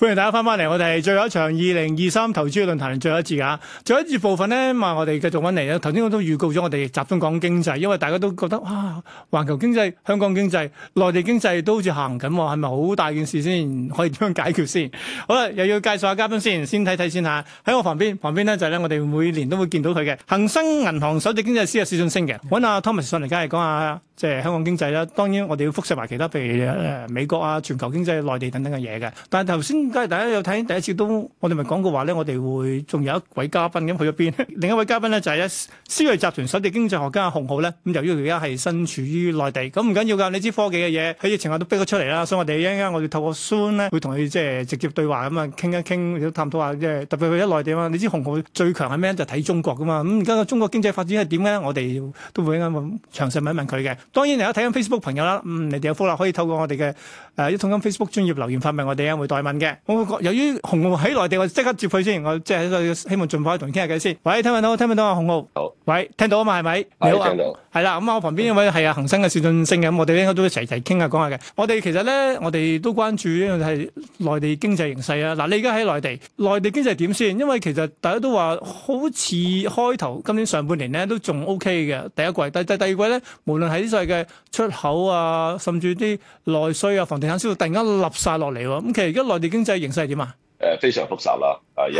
歡迎大家翻翻嚟，我哋最後一場二零二三投資論壇最後一節啊，最後一節部分咧，啊，我哋繼續搵嚟啦。頭先我都預告咗，我哋集中講經濟，因為大家都覺得哇，環球經濟、香港經濟、內地經濟都好似行緊，係咪好大件事先？可以點樣解決先？好啦，又要介紹下嘉賓先，先睇睇先吓。喺我旁邊，旁邊咧就係咧，我哋每年都會見到佢嘅恒生銀行首席經濟師啊，薛俊昇嘅，揾阿 Thomas 上嚟，梗係講下。即係香港經濟啦，當然我哋要複製埋其他，譬如誒、呃、美國啊、全球經濟、內地等等嘅嘢嘅。但係頭先，梗係大家有睇第一次都，我哋咪講過話咧，我哋會仲有一位嘉賓咁去咗邊？ 另一位嘉賓咧就係、是、咧思睿集團首席經濟學家洪灝咧。咁由於佢而家係身處於內地，咁唔緊要㗎。你知科技嘅嘢喺疫情下都逼咗出嚟啦，所以我哋一陣間我哋透過 Zoom 咧會同佢即係直接對話咁啊傾一傾，亦探討下即係特別去咗內地啊。你知洪灝最強係咩？就睇、是、中國㗎嘛。咁而家個中國經濟發展係點咧？我哋都會啱啱詳細問一問佢嘅。當然你嚟睇緊 Facebook 朋友啦，嗯，你哋有福啦，可以透過我哋嘅誒一通金 Facebook 專業留言發俾我哋有會代問嘅。我由於洪灝喺內地，我即刻接佢先，我即係希望儘快同佢傾下偈先。喂，聽唔聽到？聽唔聽到啊，洪灝好。喂，聽到啊嘛，係咪？係好，你好聽到。係啦，咁啊、嗯，我旁邊呢位係啊，恒生嘅薛俊昇嘅，咁我哋應該都一齊齊傾下講下嘅。我哋其實咧，我哋都關注呢個係內地經濟形勢啊。嗱、啊，你而家喺內地，內地經濟點先？因為其實大家都話好似開頭今年上半年咧都仲 OK 嘅第一季，但但第二季咧，無論喺世界出口啊，甚至啲內需啊、房地產消，似乎突然間立晒落嚟喎。咁、嗯、其實而家內地經濟形勢係點啊？誒，非常複雜啦，啊，亦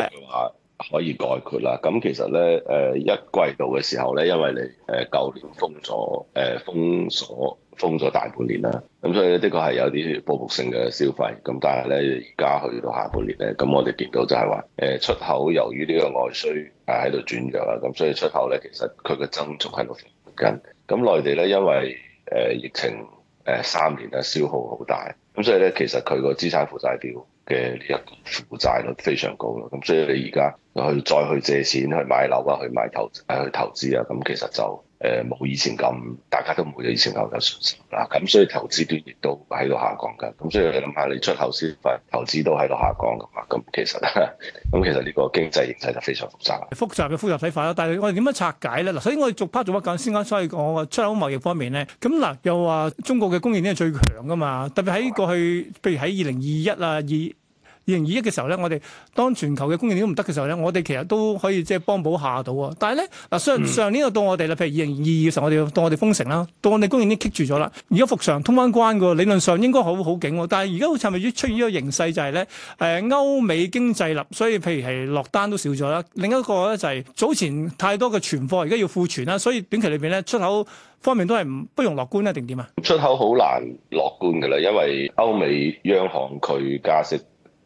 可以概括啦。咁其實咧，誒一季度嘅時候咧，因為你誒舊年封咗誒封鎖封咗大半年啦，咁所以咧的確係有啲報復性嘅消費。咁但係咧而家去到下半年咧，咁我哋見到就係話誒出口由於呢個外需啊喺度轉弱啦，咁所以出口咧其實佢嘅增速係落緊。咁內地咧因為誒疫情誒三年咧消耗好大，咁所以咧其實佢個資產負債表，嘅一個負債率非常高咯，咁所以你而家去再去借錢去買樓啊，去買投誒去投資啊，咁其實就誒冇以前咁，大家都冇咗以前咁有信心啦。咁所以投資端亦都喺度下降噶。咁所以你諗下，你出口消費、投資都喺度下降噶嘛。咁其實咁其實呢個經濟形勢就非常複雜，複雜嘅複雜睇法咯。但係我哋點樣拆解咧？嗱，首先我哋逐 part 做乜講先講，所以講出口貿易方面咧，咁嗱又話中國嘅供應鏈係最強噶嘛，特別喺過去，譬如喺二零二一啊二。二零二一嘅時候咧，我哋當全球嘅供應鏈都唔得嘅時候咧，我哋其實都可以即係幫補下到啊！但係咧，嗱，上上年就到我哋啦，譬如二零二二嘅時候，我哋到我哋封城啦，到我哋供應鏈棘住咗啦。而家復常通翻關嘅喎，理論上應該好好景喎。但係而家好似係咪出現呢個形勢就係咧？誒，歐美經濟落，所以譬如係落單都少咗啦。另一個咧就係早前太多嘅存貨，而家要庫存啦，所以短期裏邊咧出口方面都係唔不，不容樂觀啊，定點啊？出口好難樂觀嘅啦，因為歐美央行佢加息，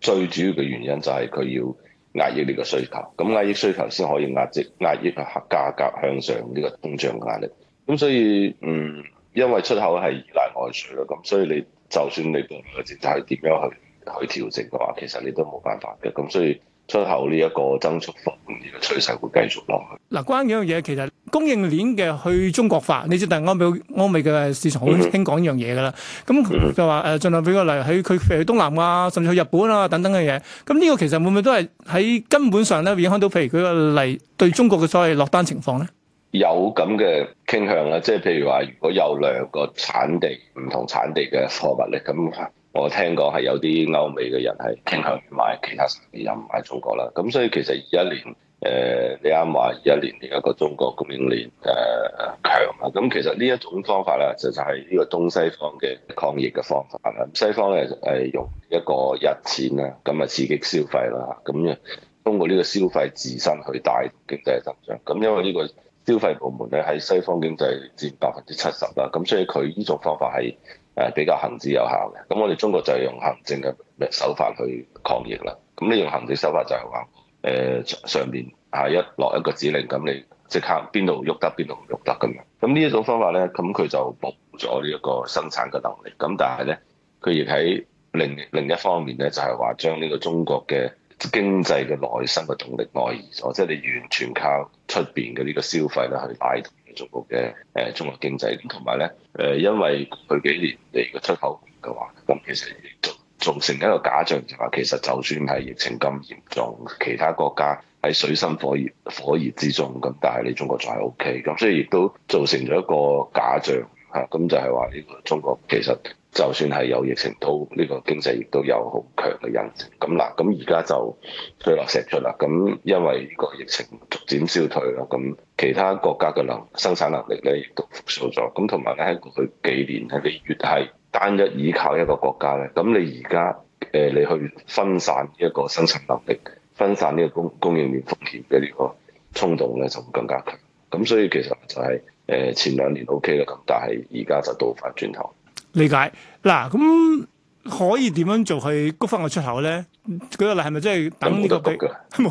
最主要嘅原因就係佢要壓抑呢個需求，咁壓抑需求先可以壓積壓抑價價格向上呢個通脹嘅壓力。咁所以，嗯，因為出口係依賴外需啦，咁所以你就算你國內政策點樣去去調整嘅話，其實你都冇辦法嘅。咁所以出口呢一個增速放，咁而家趨勢會繼續落去。嗱，關於一樣嘢，其實供應鏈嘅去中國化，你知安，但係歐美歐美嘅市場好傾講一樣嘢㗎啦。咁、mm hmm. 就話誒，儘量俾個例，喺佢譬如去東南亞啊，甚至去日本啊等等嘅嘢。咁呢個其實會唔會都係喺根本上咧影響到，譬如佢個例對中國嘅所謂落單情況咧？有咁嘅傾向啦，即係譬如話，如果有兩個產地唔同產地嘅貨物咧，咁。我聽講係有啲歐美嘅人係傾向於買其他產品，又唔買中國啦。咁所以其實二一年誒、呃，你啱話二一年另一個中國供應鏈誒強啊。咁其實呢一種方法咧，就就係呢個東西方嘅抗疫嘅方法啦。西方咧就係用一個日錢啦，咁啊刺激消費啦，咁樣通過呢個消費自身去帶經濟增長。咁因為呢個消費部門咧喺西方經濟佔百分之七十啦，咁所以佢呢種方法係，誒比較行之有效嘅，咁我哋中國就係用行政嘅手法去抗疫啦。咁你用行政手法就係話，誒、呃、上邊、啊、下一落一個指令，咁你即刻邊度喐得，邊度唔喐得咁樣。咁呢一種方法咧，咁佢就冇咗呢一個生產嘅能力。咁但係咧，佢亦喺另另一方面咧，就係話將呢個中國嘅經濟嘅內生嘅動力外移咗，即、就、係、是、你完全靠出邊嘅呢個消費咧去拉中國嘅誒中國，中國經濟，同埋咧誒，因為佢幾年嚟嘅出口嘅話，咁其實造造成一個假象，就是，就係其實就算係疫情咁嚴重，其他國家喺水深火熱火熱之中，咁但係你中國仲係 OK，咁所以亦都造成咗一個假象嚇，咁、啊、就係話呢個中國其實。就算係有疫情，都、這、呢個經濟亦都有好強嘅韌性咁嗱，咁而家就水落石出啦。咁因為呢個疫情逐漸消退啦，咁其他國家嘅能生產能力咧亦都復甦咗。咁同埋咧，喺過去幾年係你越係單一依靠一個國家咧，咁你而家誒你去分散呢一個生產能力、分散呢個供供應鏈風險嘅呢個衝動咧，就會更加強。咁所以其實就係誒前兩年 OK 嘅，咁但係而家就倒翻轉頭。理解嗱，咁、啊、可以點樣做去谷翻個出口咧？舉個例係咪真係等呢個谷？冇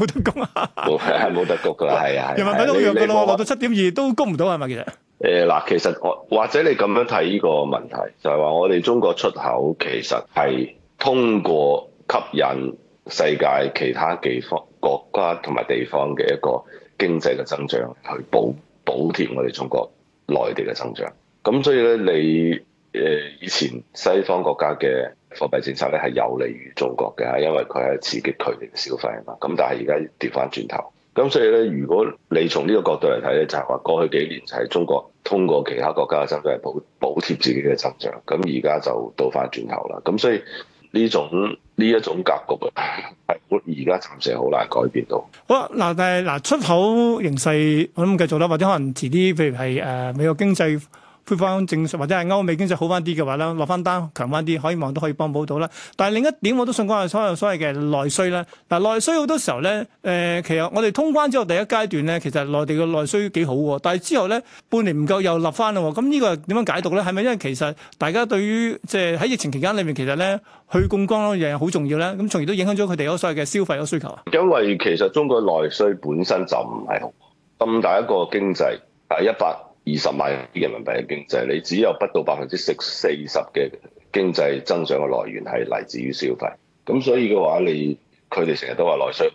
得谷，冇係係冇得谷噶，係啊！ 係係係人民幣都弱噶咯，你落到七點二都谷唔到係咪？嗯、係係其實誒嗱，其實我或者你咁樣睇呢個問題，就係、係、話我哋中國出口其實係通過吸引世界其他地方國家同埋地方嘅一個經濟嘅增長，去補補貼我哋中國內地嘅增長。咁所以咧，你誒以前西方國家嘅貨幣政策咧係有利於中國嘅因為佢係刺激佢哋嘅消費啊嘛。咁但係而家跌翻轉頭，咁所以咧，如果你從呢個角度嚟睇咧，就係話過去幾年就係中國通過其他國家嘅增長補補,補貼自己嘅增長，咁而家就倒翻轉頭啦。咁所以呢種呢一種格局啊，係而家暫時好難改變到。好嗱但係嗱出口形勢，我諗繼續啦，或者可能遲啲，譬如係誒、呃、美國經濟。配翻正常或者係歐美經濟好翻啲嘅話咧，落翻單強翻啲，可以望都可以幫補到啦。但係另一點我都信，講係所有所謂嘅內需啦。嗱內需好多時候咧，誒、呃、其實我哋通關之後第一階段咧，其實內地嘅內需幾好喎。但係之後咧半年唔夠又落翻啦。咁呢個點樣解讀咧？係咪因為其實大家對於即係喺疫情期間裡面其實咧去槓桿一樣嘢好重要咧？咁從而都影響咗佢哋所謂嘅消費嘅需求啊？因為其實中國內需本身就唔係好咁大，一個經濟係一百。二十萬人民幣嘅經濟，你只有不到百分之四四十嘅經濟增長嘅來源係嚟自於消費，咁所以嘅話，你佢哋成日都話內需，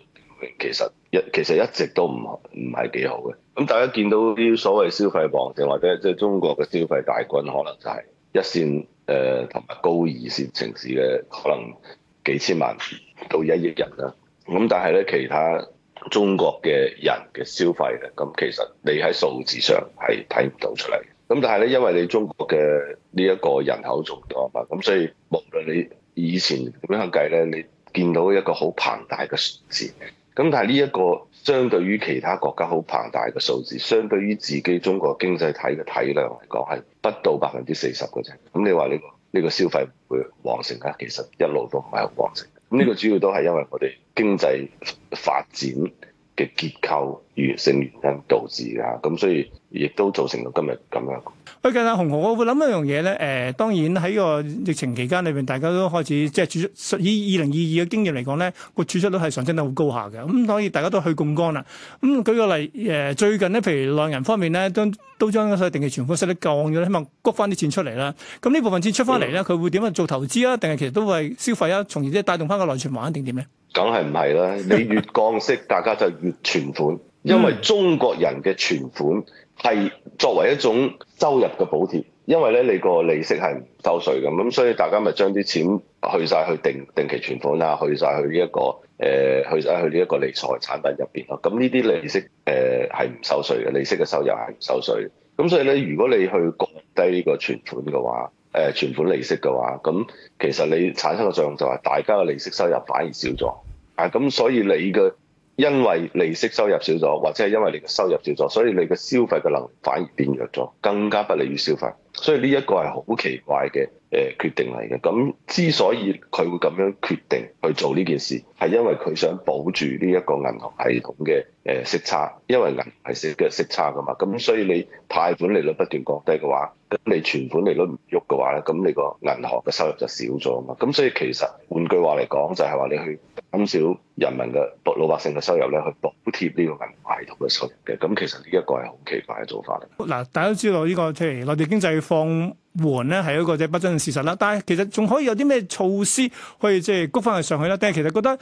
其實一其實一直都唔唔係幾好嘅。咁大家見到啲所謂消費旺盛或者即係中國嘅消費大軍，可能就係一線誒同埋高二線城市嘅可能幾千萬到一億人啦。咁但係咧，其他，中國嘅人嘅消費嘅，咁其實你喺數字上係睇唔到出嚟。咁但係咧，因為你中國嘅呢一個人口仲多嘛，咁所以無論你以前點樣計咧，你見到一個好龐大嘅數字。咁但係呢一個相對於其他國家好龐大嘅數字，相對於自己中國經濟體嘅體量嚟講，係不到百分之四十嘅啫。咁你話呢個呢個消費會旺盛啊？其實一路都唔係好旺盛。咁呢、嗯、個主要都係因為我哋經濟發展嘅結構性、原因、原因導致啊，咁所以亦都造成到今日咁樣。喂，咁啊，洪灝，我會諗一樣嘢咧。誒，當然喺個疫情期間裏邊，大家都開始即係儲蓄，以二零二二嘅經驗嚟講咧，個儲蓄率係上升得好高下嘅。咁所以大家都去槓桿啦。咁、嗯、舉個例，誒、呃、最近咧，譬如內銀方面咧，都都將嗰定期存款息率降咗，希望谷翻啲錢出嚟啦。咁呢部分錢出翻嚟咧，佢會點樣啊？做投資啊？定係其實都會係消費啊？從而即係帶動翻個內循環定點咧？梗係唔係啦？你越降息， 大家就越存款，因為中國人嘅存款。係作為一種收入嘅補貼，因為咧你個利息係唔收稅咁，咁所以大家咪將啲錢去晒去定定期存款啦，去晒去呢一個誒、呃，去曬去呢一個理財產品入邊咯。咁呢啲利息誒係唔收稅嘅，利息嘅收入係唔收稅。咁所以咧，如果你去降低呢個存款嘅話，誒、呃、存款利息嘅話，咁其實你產生嘅作用就係大家嘅利息收入反而少咗。啊，咁所以你嘅。因為利息收入少咗，或者係因為你嘅收入少咗，所以你嘅消費嘅能力反而變弱咗，更加不利於消費。所以呢一個係好奇怪嘅。誒、呃、決定嚟嘅，咁、嗯、之所以佢會咁樣決定去做呢件事，係因為佢想保住呢一個銀行系統嘅誒、呃、息差，因為銀行係食嘅息差㗎嘛。咁所以你貸款利率不斷降低嘅話，咁你存款利率唔喐嘅話咧，咁你個銀行嘅收入就少咗啊嘛。咁所以其實換句話嚟講，就係、是、話你去減少人民嘅老百姓嘅收入咧，去補貼呢個銀行系統嘅收入嘅。咁其實呢一個係好奇怪嘅做法嗱，大家都知道呢、這個即係內地經濟放。緩咧係一個即係不爭嘅事實啦，但係其實仲可以有啲咩措施可以即係谷翻去上去咧？但係其實覺得誒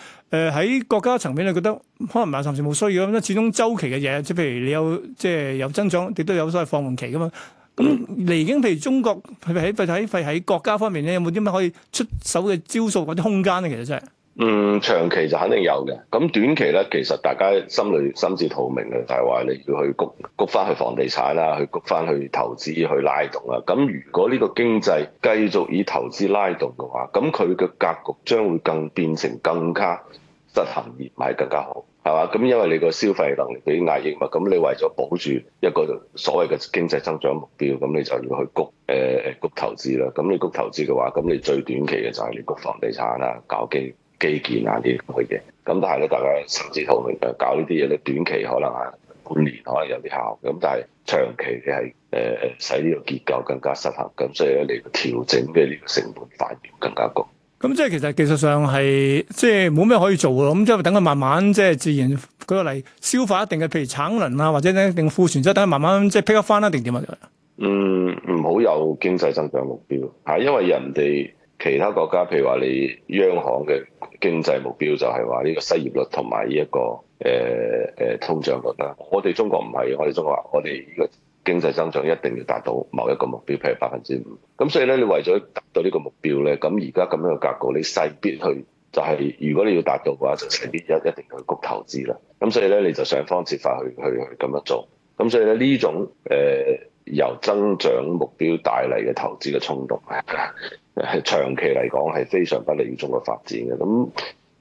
喺、呃、國家層面你覺得可能又暫時冇需要咁啦。始終周期嘅嘢，即係譬如你有即係有增長，亦都有所謂放緩期噶嘛。咁嚟緊譬如中國喺喺喺喺國家方面咧，有冇啲乜可以出手嘅招數或者空間咧？其實真係。嗯，長期就肯定有嘅，咁短期咧，其實大家心裏心知肚明嘅，就係話你要去谷谷翻去房地產啦，去谷翻去投資去拉動啦。咁如果呢個經濟繼續以投資拉動嘅話，咁佢嘅格局將會更變成更加失衡而唔係更加好，係嘛？咁因為你個消費能力被壓抑嘛，咁你為咗保住一個所謂嘅經濟增長目標，咁你就要去谷誒谷投資啦。咁你谷投資嘅話，咁你最短期嘅就係你谷房地產啦，搞基基建啊啲咁嘅嘢，咁但係咧，大家甚至乎去搞呢啲嘢咧，短期可能啊半年可能有啲效，咁但係長期嘅係誒使呢個結構更加失衡，咁所以咧你調整嘅呢個成本反而更加高。咁即係其實技術上係即係冇咩可以做咯，咁即係等佢慢慢即係自然舉個例，消化一定嘅，譬如產能啊或者一定庫存，即等佢慢慢即係撇得翻一定點樣。嗯，唔好有經濟增長目標嚇，因為人哋。其他國家譬如話你央行嘅經濟目標就係話呢個失業率同埋呢一個誒誒、呃、通脹率啦。我哋中國唔係，我哋中國話我哋呢個經濟增長一定要達到某一個目標，譬如百分之五。咁所以咧，你為咗達到呢個目標咧，咁而家咁樣嘅格局，你勢必去就係、是、如果你要達到嘅話，就勢必一一定要去谷投資啦。咁所以咧，你就想方設法去去去咁樣做。咁所以咧呢種誒。呃由增長目標帶嚟嘅投資嘅衝動，係 長期嚟講係非常不利於中國發展嘅。咁誒、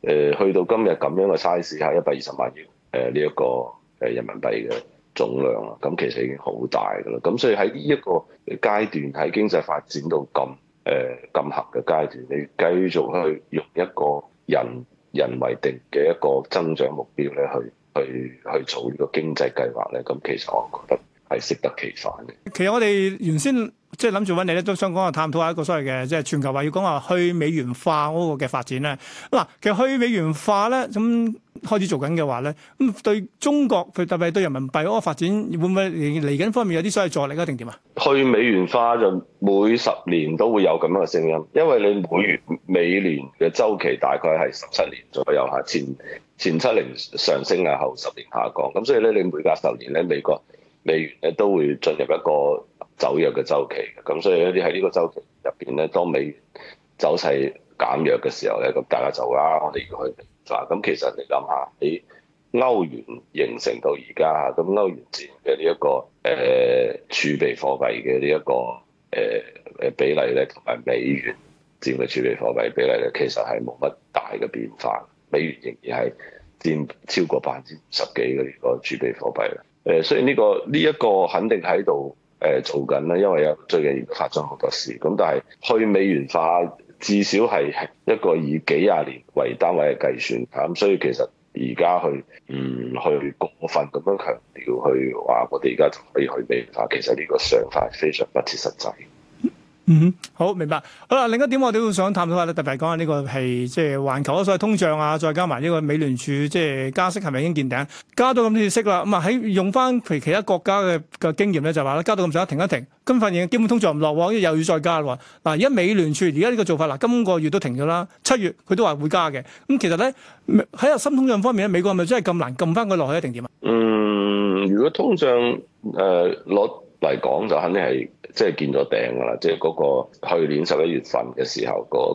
呃、去到今日咁樣嘅 size，係一百二十萬億誒呢一個誒人民幣嘅總量啦。咁其實已經好大㗎啦。咁所以喺呢一個階段，喺經濟發展到咁誒咁合嘅階段，你繼續去用一個人人為定嘅一個增長目標咧，去去去做呢個經濟計劃咧，咁其實我覺得。係適得其反嘅。其實我哋原先即係諗住揾你咧，都想講下探討下一個所謂嘅，即係全球話要講話去美元化嗰個嘅發展咧。嗱，其實去美元化咧，咁開始做緊嘅話咧，咁對中國，特別係對人民幣嗰個發展，會唔會嚟嚟緊方面有啲所謂助力一定點啊？去美元化就每十年都會有咁樣嘅聲音，因為你每年美聯嘅週期大概係十七年左右下，前前七年上升啊，後十年下降。咁所以咧，你每隔十年咧，美國。美元咧都會進入一個走弱嘅周期，咁所以喺呢喺呢個周期入邊咧，當美元走勢減弱嘅時候咧，咁大家就啦。我哋要去化。咁其實你諗下，喺歐元形成到而家，咁歐元佔嘅呢一個誒、呃、儲備貨幣嘅呢一個誒誒、呃、比例咧，同埋美元佔嘅儲備貨幣比例咧，其實係冇乜大嘅變化。美元仍然係佔超過百分之十幾嘅呢個儲備貨幣誒，雖然呢個呢一、這個肯定喺度誒做緊啦，因為有最近發生好多事。咁但係去美元化至少係一個以幾廿年為單位嘅計算啊。咁所以其實而家去唔、嗯、去過分咁樣強調去話、啊、我哋而家就可以去美元化，其實呢個想法非常不切實際。嗯，好明白。好啦，另一,一點我哋都想探討下咧，特別講下呢個係即係環球所謂通脹啊，再加埋呢個美聯儲即係加息，係咪已經見頂？加到咁多息啦，咁啊喺用翻其其他國家嘅嘅經驗咧，就話、是、咧加到咁上下停一停，今份已經基本通脹唔落往，又要再加啦。嗱，而家美聯儲而家呢個做法嗱，今個月都停咗啦，七月佢都話會加嘅。咁其實咧喺核心通脹方面咧，美國係咪真係咁難撳翻佢落去？一定點啊？嗯，如果通脹誒攞嚟講，就肯定係。即係見咗頂噶啦，即係嗰個去年十一月份嘅時候、那個，個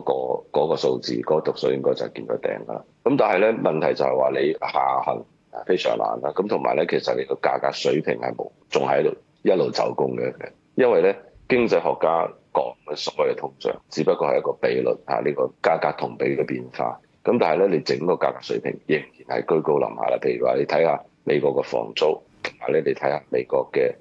個嗰個數字，嗰、那個讀數應該就係見咗頂噶啦。咁但係咧問題就係話你下行非常難啦。咁同埋咧，其實你個價格水平係冇，仲喺度一路走高嘅。因為咧經濟學家講嘅所謂嘅通脹，只不過係一個比率嚇，呢、啊這個價格同比嘅變化。咁但係咧，你整個價格水平仍然係居高臨下啦。譬如話，你睇下美國嘅房租，同埋咧你睇下美國嘅。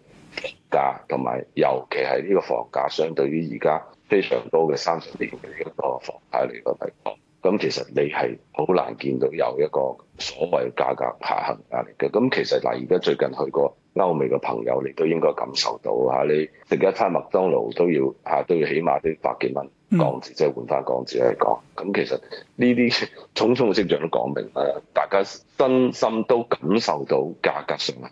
價同埋，尤其係呢個房價，相對於而家非常高嘅三十年嘅一個房價嚟講嚟講，咁其實你係好難見到有一個所謂價格下行壓力嘅。咁其實嗱，而家最近去過歐美嘅朋友，你都應該感受到吓，你食一餐麥當勞都要吓，都要起碼都百幾蚊。嗯、港紙即係換翻港紙嚟講，咁其實呢啲重重嘅跡象都講明誒，大家真心都感受到價格上行，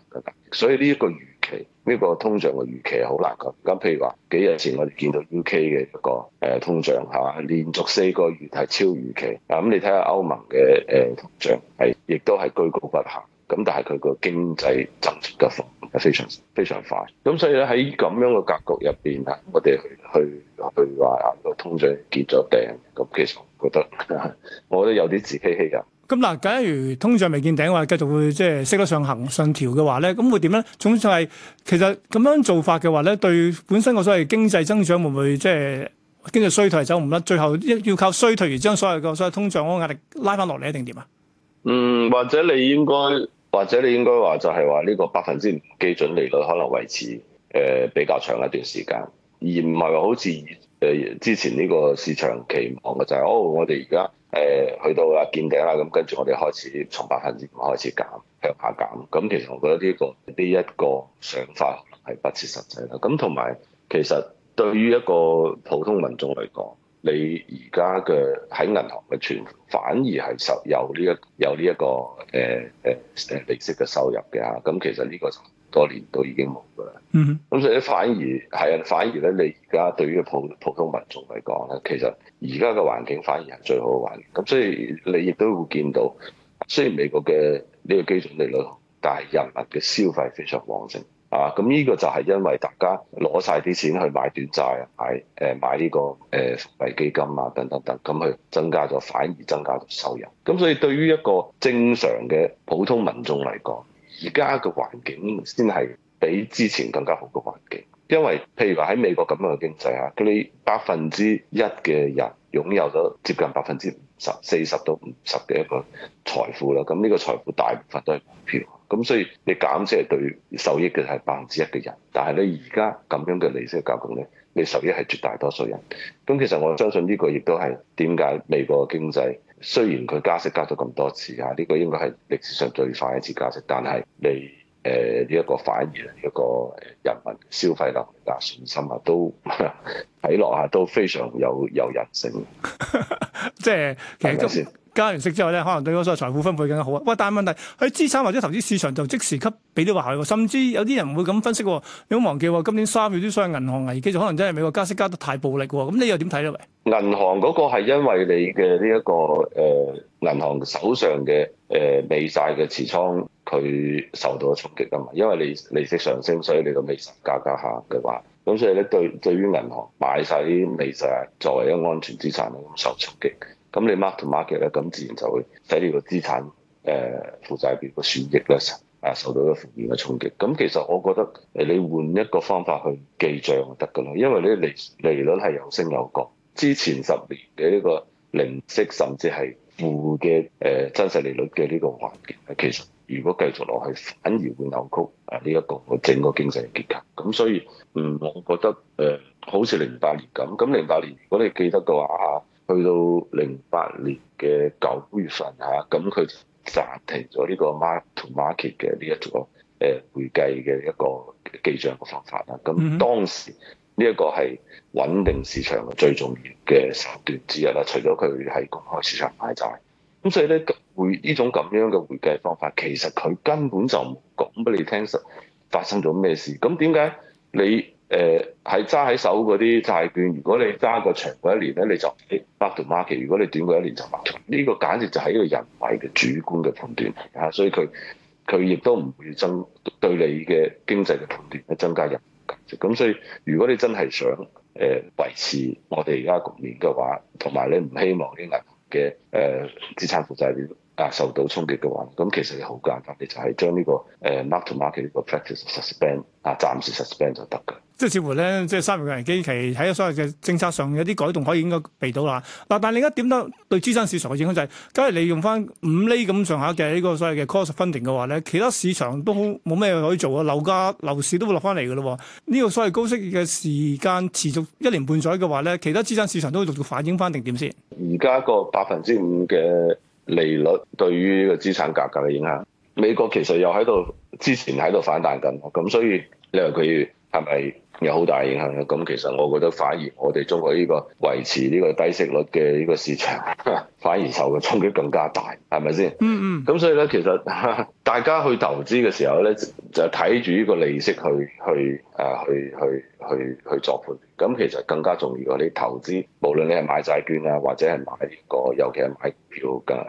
所以呢一個預期，呢、呢個通脹嘅預期係好難講。咁譬如話幾日前我哋見到 U.K. 嘅一個通脹係嘛，連續四個月係超預期。啊，咁你睇下歐盟嘅誒通脹係亦都係居高不下。咁但係佢個經濟增長嘅幅非常非常快，咁所以咧喺咁樣嘅格局入邊啊，我哋去去去話個通脹結咗頂，咁其實我覺得 我都有啲自欺欺人。咁嗱，假如通脹未見頂話，繼續會即係識得上行上調嘅話咧，咁會點咧？總之就係其實咁樣做法嘅話咧，對本身個所謂經濟增長會唔會即係經濟衰退走唔甩，最後一要靠衰退而將所有嘅所謂通脹嗰個壓力拉翻落嚟，一定點啊？嗯，或者你應該。或者你應該話就係話呢個百分之五基準利率可能維持誒比較長一段時間，而唔係話好似誒之前呢個市場期望嘅就係、是、哦，我哋而家誒去到啊見頂啦，咁跟住我哋開始從百分之五開始減向下減。咁其實我覺得呢、呢個呢一、呢個想法係不切實際啦。咁同埋其實對於一個普通民眾嚟講，你而家嘅喺銀行嘅存，反而係收有呢、這、一、個、有呢、這、一個誒誒誒利息嘅收入嘅嚇，咁其實呢個多年都已經冇㗎啦。嗯哼。Mm-hmm. 咁所以反而係啊，反而咧你而家對於普普通民眾嚟講咧，其實而家嘅環境反而係最好嘅環境。咁所以你亦都會見到，雖然美國嘅呢個基準利率，但係人民嘅消費非常旺盛。啊，咁呢個就係因為大家攞晒啲錢去買短債，買誒買呢個誒、呃、福利基金啊等等等，咁去增加咗，反而增加咗收入。咁所以對於一個正常嘅普通民眾嚟講，而家嘅環境先係比之前更加好嘅環境，因為譬如話喺美國咁樣嘅經濟啊，佢哋百分之一嘅人擁有咗接近百分之五十、四十到五十嘅一個財富啦，咁呢個財富大部分都係股票。咁所以你減息係對受益嘅係百分之一嘅人。但係你而家咁樣嘅利息較高咧，你受益係絕大多數人。咁其實我相信呢個亦都係點解美國嘅經濟，雖然佢加息加咗咁多次啊，呢個應該係歷史上最快一次加息。但係你誒呢一個反而一個人民消費力啊信心啊，都睇落啊都非常有有人性，即係其實都。加完息之後咧，可能對嗰個財富分配更加好啊！喂，但係問題喺資產或者投資市場就即時給俾啲壞氣喎，甚至有啲人唔會咁分析喎。你唔好忘記喎，今年三月啲商業銀行危機就可能真係美國加息加得太暴力喎。咁你又點睇咧？銀行嗰個係因為你嘅呢一個誒、呃、銀行手上嘅誒美債嘅持倉佢受到咗衝擊啊嘛，因為你利息上升，所以你個美債價格下嘅話，咁所以咧對對於銀行買晒啲美債作為一個安全資產，係咁受衝擊。咁你 Mark to market market 咧，咁自然就會使呢個資產誒負債表嘅損益咧，誒受到一個負面嘅衝擊。咁其實我覺得誒，你換一個方法去記帳就得噶啦，因為呢利利率係有升有降。之前十年嘅呢個零息，甚至係負嘅誒真實利率嘅呢個環境，其實如果繼續落去，反而會扭曲啊呢一個整個經濟嘅結構。咁所以嗯，我覺得誒，好似零八年咁。咁零八年如果你記得嘅話去到零八年嘅九月份吓、啊，咁佢暫停咗呢個 mark to market 嘅呢一個誒、呃、會計嘅一個記賬嘅方法啦。咁當時呢一個係穩定市場嘅最重要嘅手段之一啦，除咗佢係公開市場買債，咁所以咧，會呢種咁樣嘅會計方法，其實佢根本就唔講俾你聽實發生咗咩事。咁點解你？誒係揸喺手嗰啲債券，如果你揸個長過一年咧，你就 mark to market，如果你短過一年就 mark to market。呢個簡直就係一個人為嘅主觀嘅判斷啊！所以佢佢亦都唔會增對你嘅經濟嘅判斷係增加任何價值。咁所以如果你真係想誒、呃、維持我哋而家局面嘅話，同埋你唔希望啲銀行嘅誒資產負債表啊受到衝擊嘅話，咁其實好你好簡單，嘅，就係將呢個誒 mark to market 呢個 practice suspend 啊，暫時 suspend 就得㗎。即係似乎咧，即係三月嘅期期喺咗所謂嘅政策上有啲改動，可以應該避到啦。嗱，但係你而家點得對資產市場嘅影響就係、是，假如你用翻五厘咁上下嘅呢個所謂嘅 cost funding 嘅話咧，其他市場都好冇咩可以做啊。樓價、樓市都會落翻嚟嘅咯。呢、這個所謂高息嘅時間持續一年半載嘅話咧，其他資產市場都會陸續反映翻定點先。而家個百分之五嘅利率對於個資產價格嘅影響，美國其實又喺度之前喺度反彈緊，咁所以你話佢係咪？是有好大影響嘅，咁其實我覺得反而我哋中國呢個維持呢個低息率嘅呢個市場， 反而受嘅衝擊更加大，係咪先？嗯嗯、mm。咁、hmm。所以咧，其實大家去投資嘅時候咧，就睇住呢個利息去去啊，去去去去，去作判。咁其實更加重要係你投資，無論你係買債券啊，或者係買呢個，尤其係買票嘅誒誒，咁、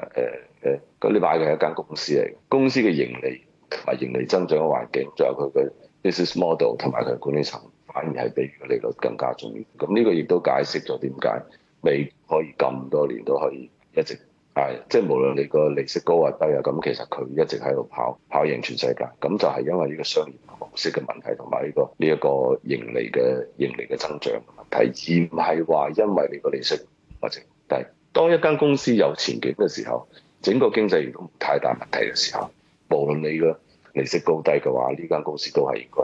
呃呃、你買嘅係一間公司嚟，公司嘅盈利同埋盈利增長嘅環境，仲有佢嘅 business model 同埋佢嘅管理層。反而係比利率更加重要，咁呢個亦都解釋咗點解美可以咁多年都可以一直係，即係無論你個利息高或低啊，咁其實佢一直喺度跑跑贏全世界，咁就係因為呢個商業模式嘅問題同埋呢個呢一個盈利嘅盈利嘅增長嘅問題，而唔係話因為你個利息或者低。但當一間公司有前景嘅時候，整個經濟如果唔太大問題嘅時候，無論你個利息高低嘅話，呢間公司都係應該。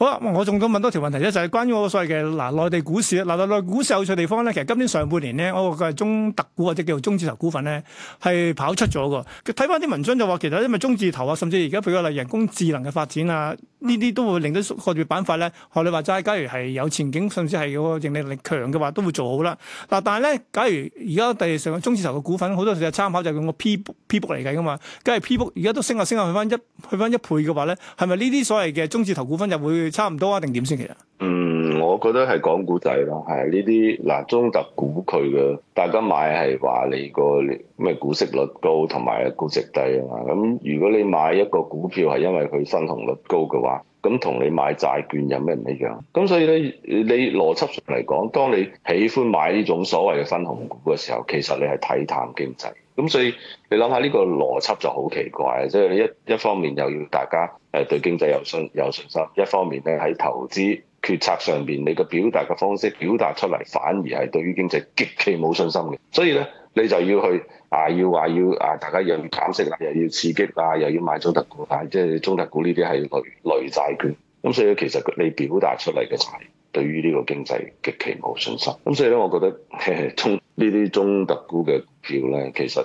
好啦，我仲想問多條問題咧，就係關於我所謂嘅嗱內地股市。嗱內地股市有趣地方咧，其實今年上半年咧，我個中特股或者叫做中字頭股份咧，係跑出咗嘅。睇翻啲文章就話，其實因為中字頭啊，甚至而家譬如例如人工智能嘅發展啊，呢啲都會令到個啲板塊咧，學你話齋，假如係有前景，甚至係個盈利能力強嘅話，都會做好啦。嗱，但係咧，假如而家第上中字頭嘅股份好多時候參考就用個 P P book 嚟㗎嘛，假如 P book 而家都升下升下去翻一去翻一倍嘅話咧，係咪呢啲所謂嘅中字頭股份就會？差唔多啊，定點先其實？嗯，我覺得係講古仔咯，係呢啲嗱中特股佢嘅，大家買係話你個，咩股息率高同埋股息低啊嘛。咁如果你買一個股票係因為佢分紅率高嘅話。咁同你買債券有咩唔一樣？咁所以咧，你邏輯上嚟講，當你喜歡買呢種所謂嘅分紅股嘅時候，其實你係睇淡經濟。咁所以你諗下呢個邏輯就好奇怪，即係一一方面又要大家誒對經濟有信有信心，一方面咧喺投資決策上面，你嘅表達嘅方式表達出嚟反而係對於經濟極其冇信心嘅。所以咧。你就要去啊！要話要啊！大家又要減息啦，又要刺激啦、啊，又要買中特股，但、啊、即係中特股呢啲係累累債券，咁所以其實你表達出嚟嘅就係對於呢個經濟極其冇信心，咁所以咧，我覺得中呢啲中特股嘅股票咧，其實誒、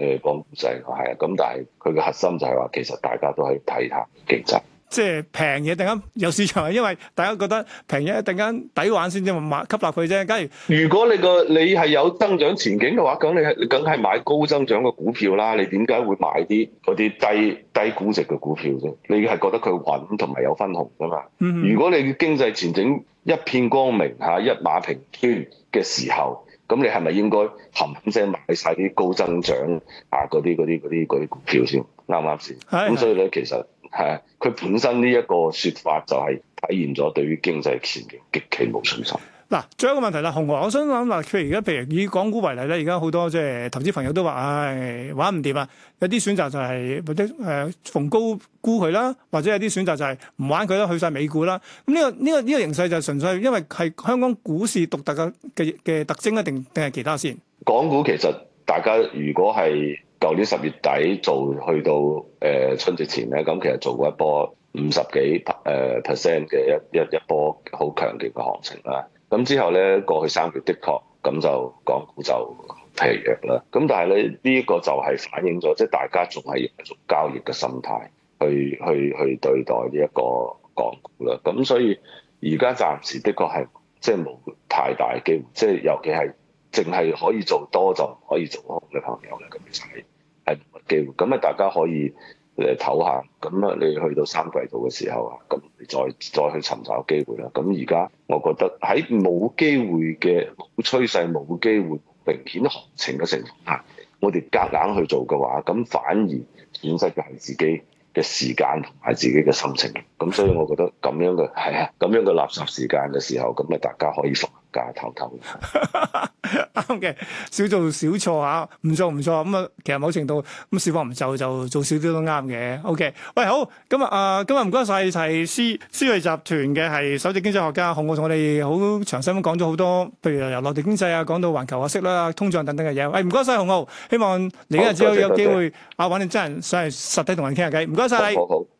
呃、講唔曬係啊，咁但係佢嘅核心就係話，其實大家都係睇下經濟。即係平嘢，突然間有市場，因為大家覺得平嘢突然間抵玩先至買吸納佢啫。假如如果你個你係有增長前景嘅話，咁你你梗係買高增長嘅股票啦。你點解會買啲嗰啲低低估值嘅股票啫？你係覺得佢穩同埋有分紅噶嘛？嗯嗯，如果你經濟前景一片光明吓，一馬平川嘅時候，咁你係咪應該冚聲買晒啲高增長吓嗰啲啲啲啲股票先啱唔啱先？咁的所以咧，其實。係啊，佢本身呢一個説法就係體現咗對於經濟前景極其無信心。嗱，最後一個問題啦，洪灝，我想諗嗱，譬如而家，譬如以港股為例咧，而家好多即係投資朋友都話，唉、哎，玩唔掂啊！有啲選擇就係或者誒逢高沽佢啦，或者有啲選擇就係唔玩佢啦，去晒美股啦。咁呢、呢個呢、呢個呢、呢個形勢就純粹因為係香港股市獨特嘅嘅嘅特徵啊，定定係其他先？港股其實大家如果係。舊年十月底做去到誒、呃、春節前咧，咁、嗯、其實做過一波五十幾誒 percent 嘅一一一波好強勁嘅行情啦。咁、嗯、之後咧過去三月，的確咁、嗯、就港股就疲弱啦。咁、嗯、但係咧呢一、這個就係反映咗，即係大家仲係用交易嘅心態去去去，去對待呢一個港股啦。咁、嗯、所以而家暫時的確係即係冇太大機會，即、就、係、是、尤其係淨係可以做多就唔可以做空嘅朋友咧，咁樣睇，係冇機會，咁啊大家可以誒唞下，咁啊你去到三季度嘅時候啊，咁你再再去尋找機會啦。咁而家我覺得喺冇機會嘅、冇趨勢、冇機會明顯行情嘅情況下，我哋夾硬去做嘅話，咁反而損失嘅係自己嘅時間同埋自己嘅心情。咁所以我覺得咁樣嘅係啊，咁樣嘅垃圾時間嘅時候，咁啊大家可以架頭頭啱嘅，少做少錯啊，唔做唔錯咁啊。其實某程度咁市況唔就，就做少啲都啱嘅。OK，喂，好咁啊，啊，今日唔該晒，係思思睿集團嘅係首席經濟學家洪灝，同我哋好詳細咁講咗好多，譬如由內地經濟啊，講到環球啊，息率啊，通脹等等嘅嘢。喂，唔該晒洪灝，希望你啊，只要有機會，阿搵你真人上嚟實體同人傾下偈。唔該晒，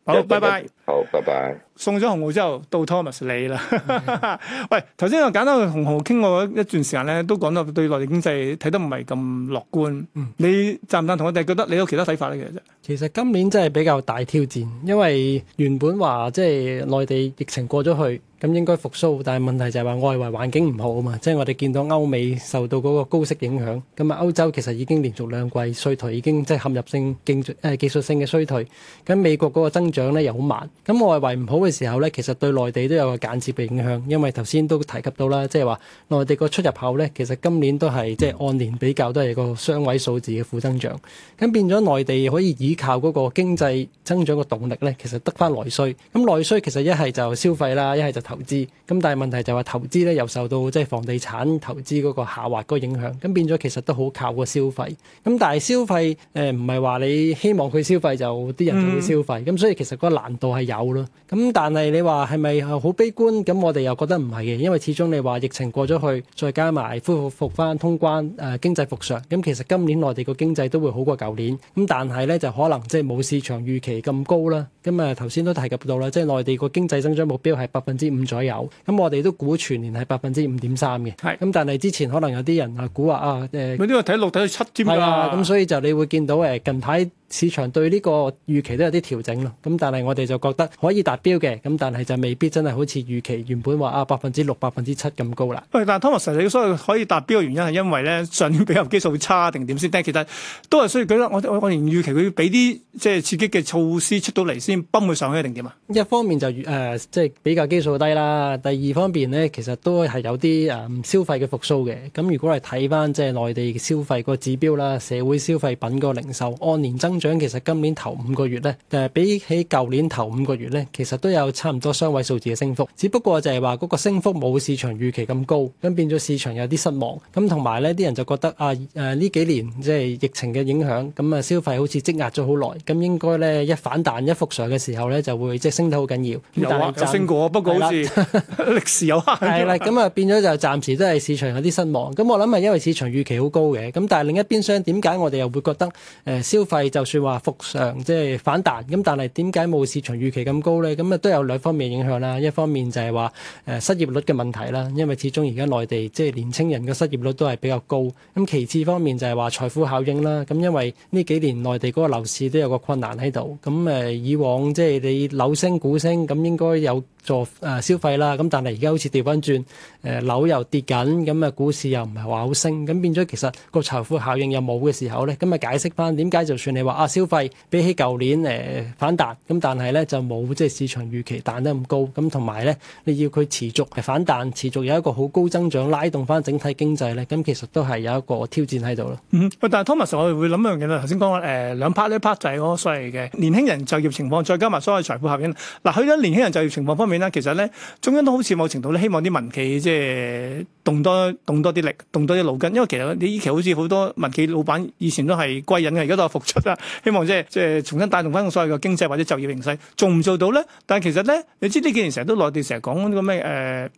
好，拜拜，好，拜拜。送咗洪灝之後，到 Thomas 你啦。 嗯、喂，頭先我簡單同洪灝傾過一段時間咧，都講到對內地經濟睇得唔係咁樂觀。嗯，你贊唔贊同我哋？覺得你有其他睇法咧？其實，其實今年真係比較大挑戰，因為原本話即係內地疫情過咗去。嗯咁應該復甦，但係問題就係話外圍環境唔好啊嘛，即係我哋見到歐美受到嗰個高息影響，咁啊歐洲其實已經連續兩季衰退，已經即係陷入性競誒技術性嘅衰退。咁美國嗰個增長咧又好慢，咁外圍唔好嘅時候咧，其實對內地都有個間接嘅影響，因為頭先都提及到啦，即係話內地個出入口咧，其實今年都係即係按年比較都係個雙位數字嘅負增長，咁變咗內地可以依靠嗰個經濟增長嘅動力咧，其實得返內需，咁內需其實一係就消費啦，一係就投投資咁，但係問題就係話投資咧，又受到即係房地產投資嗰個下滑嗰個影響，咁變咗其實都好靠個消費。咁但係消費誒唔係話你希望佢消費就啲人就會消費，咁所以其實個難度係有咯。咁但係你話係咪好悲觀？咁我哋又覺得唔係嘅，因為始終你話疫情過咗去，再加埋恢復復翻通關誒、呃、經濟復常，咁其實今年內地個經濟都會好過舊年。咁但係咧就可能即係冇市場預期咁高啦。咁啊頭先都提及到啦，即係內地個經濟增長目標係百分之五。左右，咁我哋都估全年係百分之五點三嘅。係，咁的但係之前可能有啲人啊估話啊，誒、呃，因為睇六睇到七啫嘛，咁、啊啊、所以就你會見到誒近排。市場對呢個預期都有啲調整咯，咁但係我哋就覺得可以達標嘅，咁但係就未必真係好似預期原本話啊百分之六、百分之七咁高啦。喂，但係 Thomas，你所謂可以達標嘅原因係因為咧上年比較基數差定點先？即係其實都係需要覺得我我我哋預期佢要俾啲即係刺激嘅措施出到嚟先，崩佢上去定點啊？一方面就誒即係比較基數低啦，第二方面咧其實都係有啲誒、嗯、消費嘅復甦嘅。咁如果係睇翻即係內地消費個指標啦，社會消費品個零售按年增。將其實今年頭五個月咧，誒、呃、比起舊年頭五個月咧，其實都有差唔多雙位數字嘅升幅，只不過就係話嗰個升幅冇市場預期咁高，咁變咗市場有啲失望。咁同埋咧，啲人就覺得啊，誒、呃、呢幾年即係疫情嘅影響，咁、嗯、啊消費好似積壓咗好耐，咁、嗯、應該咧一反彈一復上嘅時候咧，就會即係升得好緊要。但有啊，有升過，不過好似歷史有限。係啦、 嗯，咁、嗯、啊變咗就暫時都係市場有啲失望。咁、嗯、我諗係因為市場預期好高嘅，咁但係另一邊廂，點解我哋又會覺得誒、呃、消費就？話復常即係、就是、反彈，咁但係點解冇市場預期咁高呢？咁啊都有兩方面影響啦。一方面就係話誒失業率嘅問題啦，因為始終而家內地即係、就是、年青人嘅失業率都係比較高。咁其次方面就係話財富效應啦。咁因為呢幾年內地嗰個樓市都有個困難喺度。咁誒以往即係你樓升股升，咁應該有，做誒、呃、消費啦，咁但係而家好似調翻轉，誒、呃、樓又跌緊，咁啊股市又唔係話好升，咁變咗其實個財富效應又冇嘅時候咧，咁啊解釋翻點解就算你話啊消費比起舊年誒、呃、反彈，咁但係咧就冇即係市場預期彈得咁高，咁同埋咧你要佢持續係反彈，持續有一個好高增長拉動翻整體經濟咧，咁其實都係有一個挑戰喺度咯。嗯，喂，但係 Thomas 我哋會諗一樣嘢啦，頭先講誒兩 part 呢一 part 就係嗰所謂嘅年輕人就業情況，再加埋所謂財富效應。嗱，喺咗年輕人就業情況方面。其實咧，中央都好似某程度咧，希望啲民企即係動多動多啲力，動多啲腦筋，因為其實你依期好似好多民企老闆以前都係歸隱嘅，而家都係復出啦。希望即係即係重新帶動翻個所謂嘅經濟或者就業形勢，做唔做到咧？但係其實咧，你知呢幾年成日都內地成日講呢個咩誒、呃、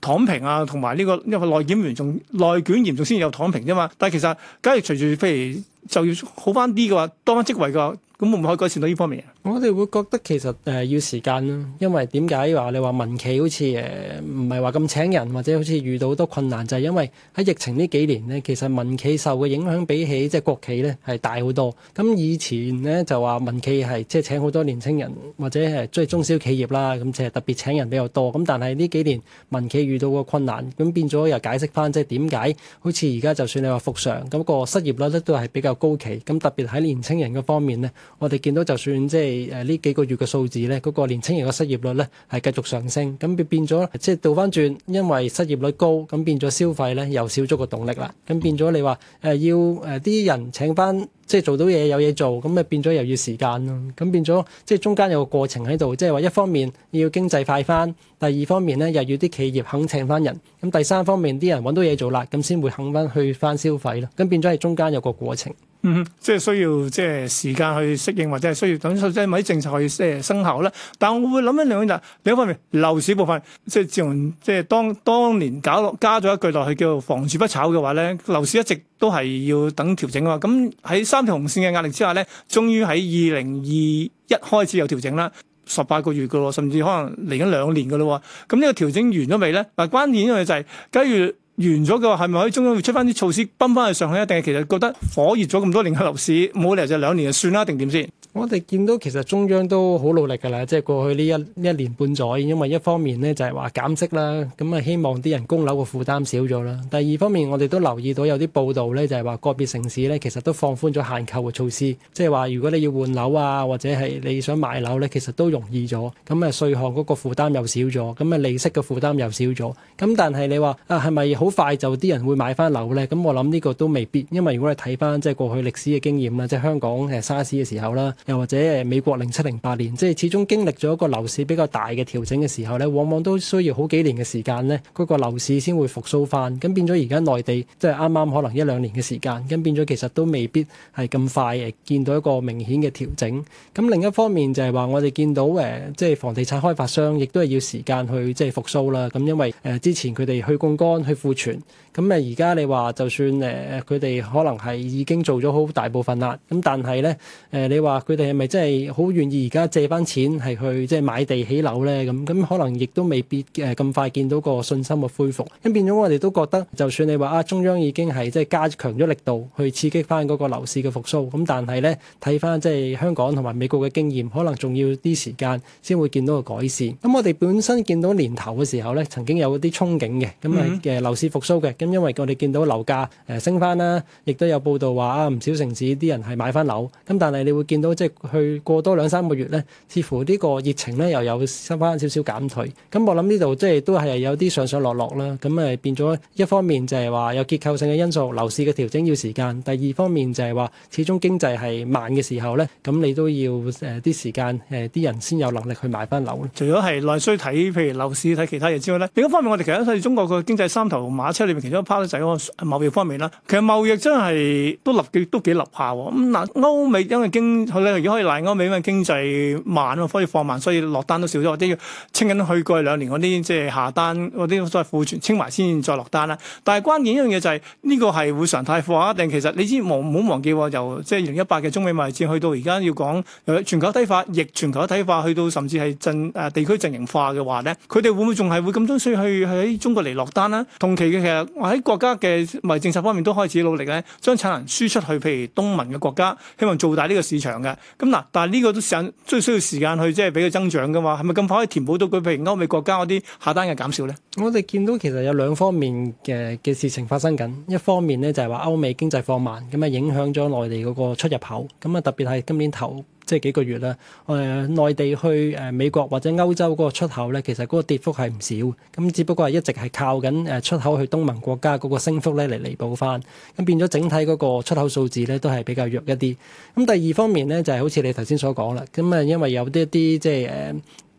躺平啊，同埋呢個因為內檢嚴重、內卷嚴重先有躺平啫、啊、嘛。但係其實，假如隨住譬如，就要好翻啲嘅話，多翻職位嘅話，咁會唔會可以改善到呢方面啊？我哋會覺得其實誒、呃、要時間咯，因為點解話你話民企好似誒唔係話咁請人，或者好似遇到好多困難，就係、是、因為喺疫情呢幾年呢，其實民企受嘅影響比起即係國企咧係大好多。咁以前呢，就話民企係即係請好多年青人，或者係即係中小企業啦，咁就係特別請人比較多。咁但係呢幾年民企遇到個困難，咁變咗又解釋翻即係點解好似而家就算你話復常，咁、那個失業率都都係比較高企，咁特別喺年青人嘅方面咧，我哋見到就算即係誒呢幾個月嘅數字咧，嗰、那個年青人嘅失業率咧係繼續上升，咁變變咗即係倒翻轉，因為失業率高，咁變咗消費咧又少咗個動力啦，咁變咗你話誒、呃、要誒啲人請翻即係做到嘢有嘢做，咁咪變咗又要時間咯，咁變咗即係中間有個過程喺度，即係話一方面要經濟快翻，第二方面咧又要啲企業肯請翻人，咁第三方面啲人揾到嘢做啦，咁先會肯翻去翻消費咯，咁變咗係中間有個過程。嗯，即係需要即係時間去適應，或者係需要等即係啲政策去即係、呃、生效啦。但我會諗一兩日，另一方面樓市部分即係自從即係當當年搞落加咗一句落去叫房住不炒嘅話咧，樓市一直都係要等調整啊。咁、嗯、喺三條紅線嘅壓力之下咧，終於喺二零二一開始有調整啦，十八個月嘅，甚至可能嚟緊兩年嘅啦。咁、嗯、呢、這個調整完咗未咧？嗱，關鍵因為就係假如。完咗嘅話，係咪可以中央會出翻啲措施，泵翻去上海咧？定係其實覺得火熱咗咁多年嘅樓市，冇理由就兩年就算啦？定點先？我哋見到其實中央都好努力㗎啦，即係過去呢一一年半載，因為一方面呢就係話減息啦，咁啊希望啲人供樓嘅負擔少咗啦。第二方面，我哋都留意到有啲報道呢，就係話個別城市呢其實都放寬咗限購嘅措施，即係話如果你要換樓啊，或者係你想買樓呢，其實都容易咗。咁啊，稅項嗰個負擔又少咗，咁啊利息嘅負擔又少咗。咁但係你話啊係咪好快就啲人會買翻樓呢？咁我諗呢個都未必，因為如果你睇翻即係過去歷史嘅經驗啦，即係香港誒沙士嘅時候啦。又或者誒美國零七零八年，即係始終經歷咗一個樓市比較大嘅調整嘅時候咧，往往都需要好幾年嘅時間咧，嗰個樓市先會復甦翻。咁變咗而家內地即係啱啱可能一兩年嘅時間，咁變咗其實都未必係咁快誒見到一個明顯嘅調整。咁另一方面就係話，我哋見到誒即係房地產開發商亦都係要時間去即係復甦啦。咁因為誒之前佢哋去槓桿去庫存，咁啊而家你話就算誒佢哋可能係已經做咗好大部分啦，咁但係咧誒你話佢。你哋係咪真係好願意而家借翻錢係去即係買地起樓咧？咁咁可能亦都未必誒咁快見到個信心嘅恢復，咁變咗我哋都覺得，就算你話啊，中央已經係即係加強咗力度去刺激翻嗰個樓市嘅復甦，咁但係咧睇翻即係香港同埋美國嘅經驗，可能仲要啲時間先會見到個改善。咁我哋本身見到年頭嘅時候咧，曾經有啲憧憬嘅，咁啊嘅樓市復甦嘅，咁因為我哋見到樓價誒升翻啦，亦都有報道話啊唔少城市啲人係買翻樓，咁但係你會見到即去過多兩三個月咧，似乎個呢個熱情咧又有收翻少少減退。咁我諗呢度即係都係有啲上上落落啦。咁誒變咗一方面就係話有結構性嘅因素，樓市嘅調整要時間。第二方面就係話始終經濟係慢嘅時候咧，咁你都要誒啲、呃、時間誒啲、呃、人先有能力去買翻樓。除咗係內需睇，譬如樓市睇其他嘢之外咧，另一方面我哋其實喺中國嘅經濟三頭馬車裏面其中一 part 就係、是、個貿易方面啦。其實貿易真係都立幾都幾立下喎。咁、嗯、嗱、呃、歐美因為經。如果可以賴歐美，因為經濟慢，可以放慢，所以落單都少咗或者要清緊去過兩年嗰啲，即係下單嗰啲都係庫存，清埋先再，再落單啦。但係關鍵一樣嘢就係呢個係會常態化定。其實你知唔好忘記，由即係二零一八嘅中美貿易戰，去到而家要講全球睇法，逆全球嘅睇法，去到甚至係陣誒地區陣營化嘅話咧，佢哋會唔會仲係會咁多需去喺中國嚟落單咧？同期嘅其實我喺國家嘅貿易政策方面都開始努力咧，將產能輸出去，譬如東盟嘅國家，希望做大呢個市場嘅。咁嗱，但係呢個都想間最需要時間去，即係俾佢增長噶嘛，係咪咁快可以填補到佢？譬如歐美國家嗰啲下單嘅減少咧，我哋見到其實有兩方面嘅嘅事情發生緊。一方面咧就係話歐美經濟放慢，咁啊影響咗內地嗰個出入口。咁啊，特別係今年頭。即係幾個月啦，誒、呃、內地去誒、呃、美國或者歐洲嗰個出口咧，其實嗰個跌幅係唔少，咁只不過係一直係靠緊誒出口去東盟國家嗰個升幅咧嚟彌補翻，咁變咗整體嗰個出口數字咧都係比較弱一啲。咁第二方面咧就係、係、好似你頭先所講啦，咁啊因為有啲一啲即係誒。呃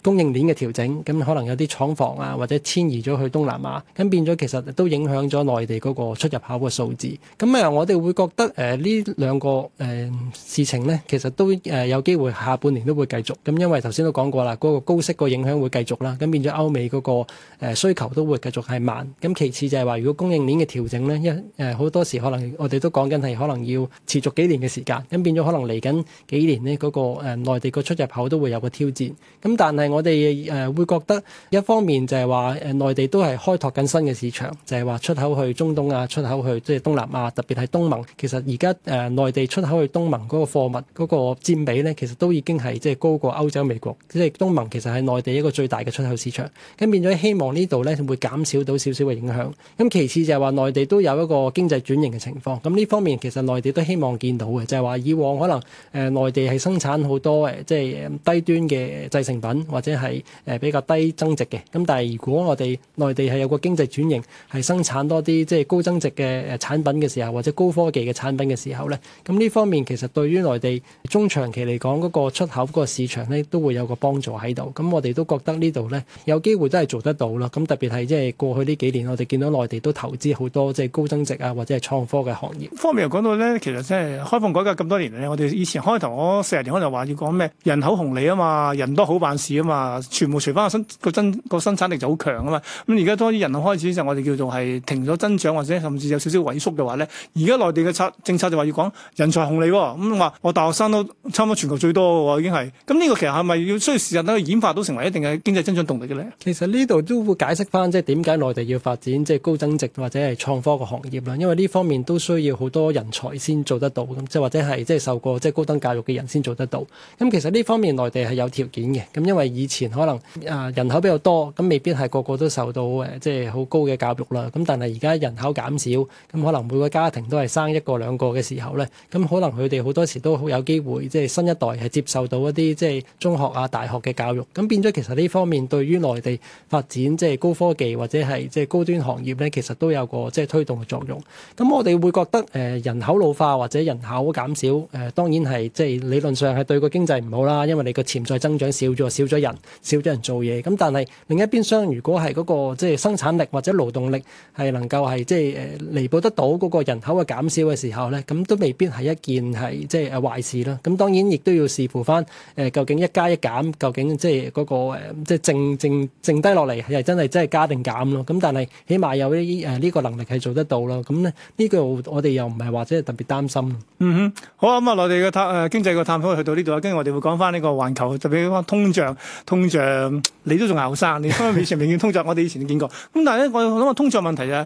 供應鏈嘅調整，咁可能有啲廠房啊，或者遷移咗去東南亞，咁變咗其實都影響咗內地嗰個出入口嘅數字。咁啊，我哋會覺得誒呢、呃、兩個誒、呃、事情呢，其實都誒有機會下半年都會繼續。咁因為頭先都講過啦，嗰個高息個影響會繼續啦，咁變咗歐美嗰個需求都會繼續係慢。咁其次就係話，如果供應鏈嘅調整呢，一誒好多時可能我哋都講緊係可能要持續幾年嘅時間，咁變咗可能嚟緊幾年呢，嗰個誒內地個出入口都會有個挑戰。咁但係我我哋誒會覺得一方面就係話誒內地都係開拓緊新嘅市場，就係話出口去中東啊，出口去即係東南亞，特別係東盟。其實而家誒內地出口去東盟嗰個貨物嗰個佔比咧，其實都已經係即係高過歐洲美國。即係東盟其實係內地一個最大嘅出口市場，咁變咗希望呢度咧會減少到少少嘅影響。咁其次就係話內地都有一個經濟轉型嘅情況。咁呢方面其實內地都希望見到嘅，就係話以往可能誒內地係生產好多誒即係低端嘅製成品。或者係誒比較低增值嘅，咁但係如果我哋內地係有個經濟轉型，係生產多啲即係高增值嘅誒產品嘅時候，或者高科技嘅產品嘅時候咧，咁呢方面其實對於內地中長期嚟講，嗰個出口、嗰個市場咧都會有個幫助喺度。咁我哋都覺得呢度咧有機會都係做得到啦。咁特別係即係過去呢幾年，我哋見到內地都投資好多即係高增值啊，或者係創科嘅行業。方面又講到咧，其實即係開放改革咁多年嚟，我哋以前開頭，我四十年開頭話要講咩人口紅利啊嘛，人多好辦事啊。啊！全部除翻個生個增個生產力就好強啊嘛！咁而家多啲人開始就我哋叫做係停咗增長或者甚至有少少少萎縮嘅話咧，而家內地嘅策政策就話要講人才紅利喎，咁話我大學生都差唔多全球最多嘅喎，已經係咁呢個其實係咪要需要時日去演化到成為一定嘅經濟增長動力嘅咧？其實呢度都會解釋翻即係點解內地要發展即係高增值或者係創科嘅行業啦，因為呢方面都需要好多人才先做得到，咁即係或者係即係受過即係高等教育嘅人先做得到。咁其實呢方面內地係有條件嘅，咁因為以前可能啊人口比較多，咁未必係個個都受到誒即係好高嘅教育啦。咁但係而家人口減少，咁可能每個家庭都係生一個兩個嘅時候咧，咁可能佢哋好多時都好有機會即係新一代係接受到一啲即係中學啊、大學嘅教育。咁變咗其實呢方面對於內地發展即係高科技或者係即係高端行業咧,其實都有個即係推動嘅作用。咁我哋會覺得誒人口老化或者人口減少誒當然係即係理論上係對個經濟唔好啦，因為你個潛在增長少咗，少咗人少咗人做嘢，咁但係另一邊廂，如果係嗰、嗰個即係生產力或者勞動力係能夠係即係彌補得到嗰個人口嘅減少嘅時候咧，咁都未必係一件係即係壞事咯。咁當然亦都要視乎翻誒、呃，究竟一加一減，究竟即係嗰個誒，即係剩剩剩低落嚟係真係真係加定減咯。咁但係起碼有呢誒呢個能力係做得到咯。咁咧呢、呢個我哋又唔係話即係特別擔心。嗯哼，好啊。咁、嗯、啊，我哋嘅探誒經濟嘅探討去到呢度啊，跟住我哋會講翻呢個環球特別通脹。通脹，你都仲後生，你以前未見通脹，我哋以前都見過。咁但係咧，我諗啊，通脹問題啊。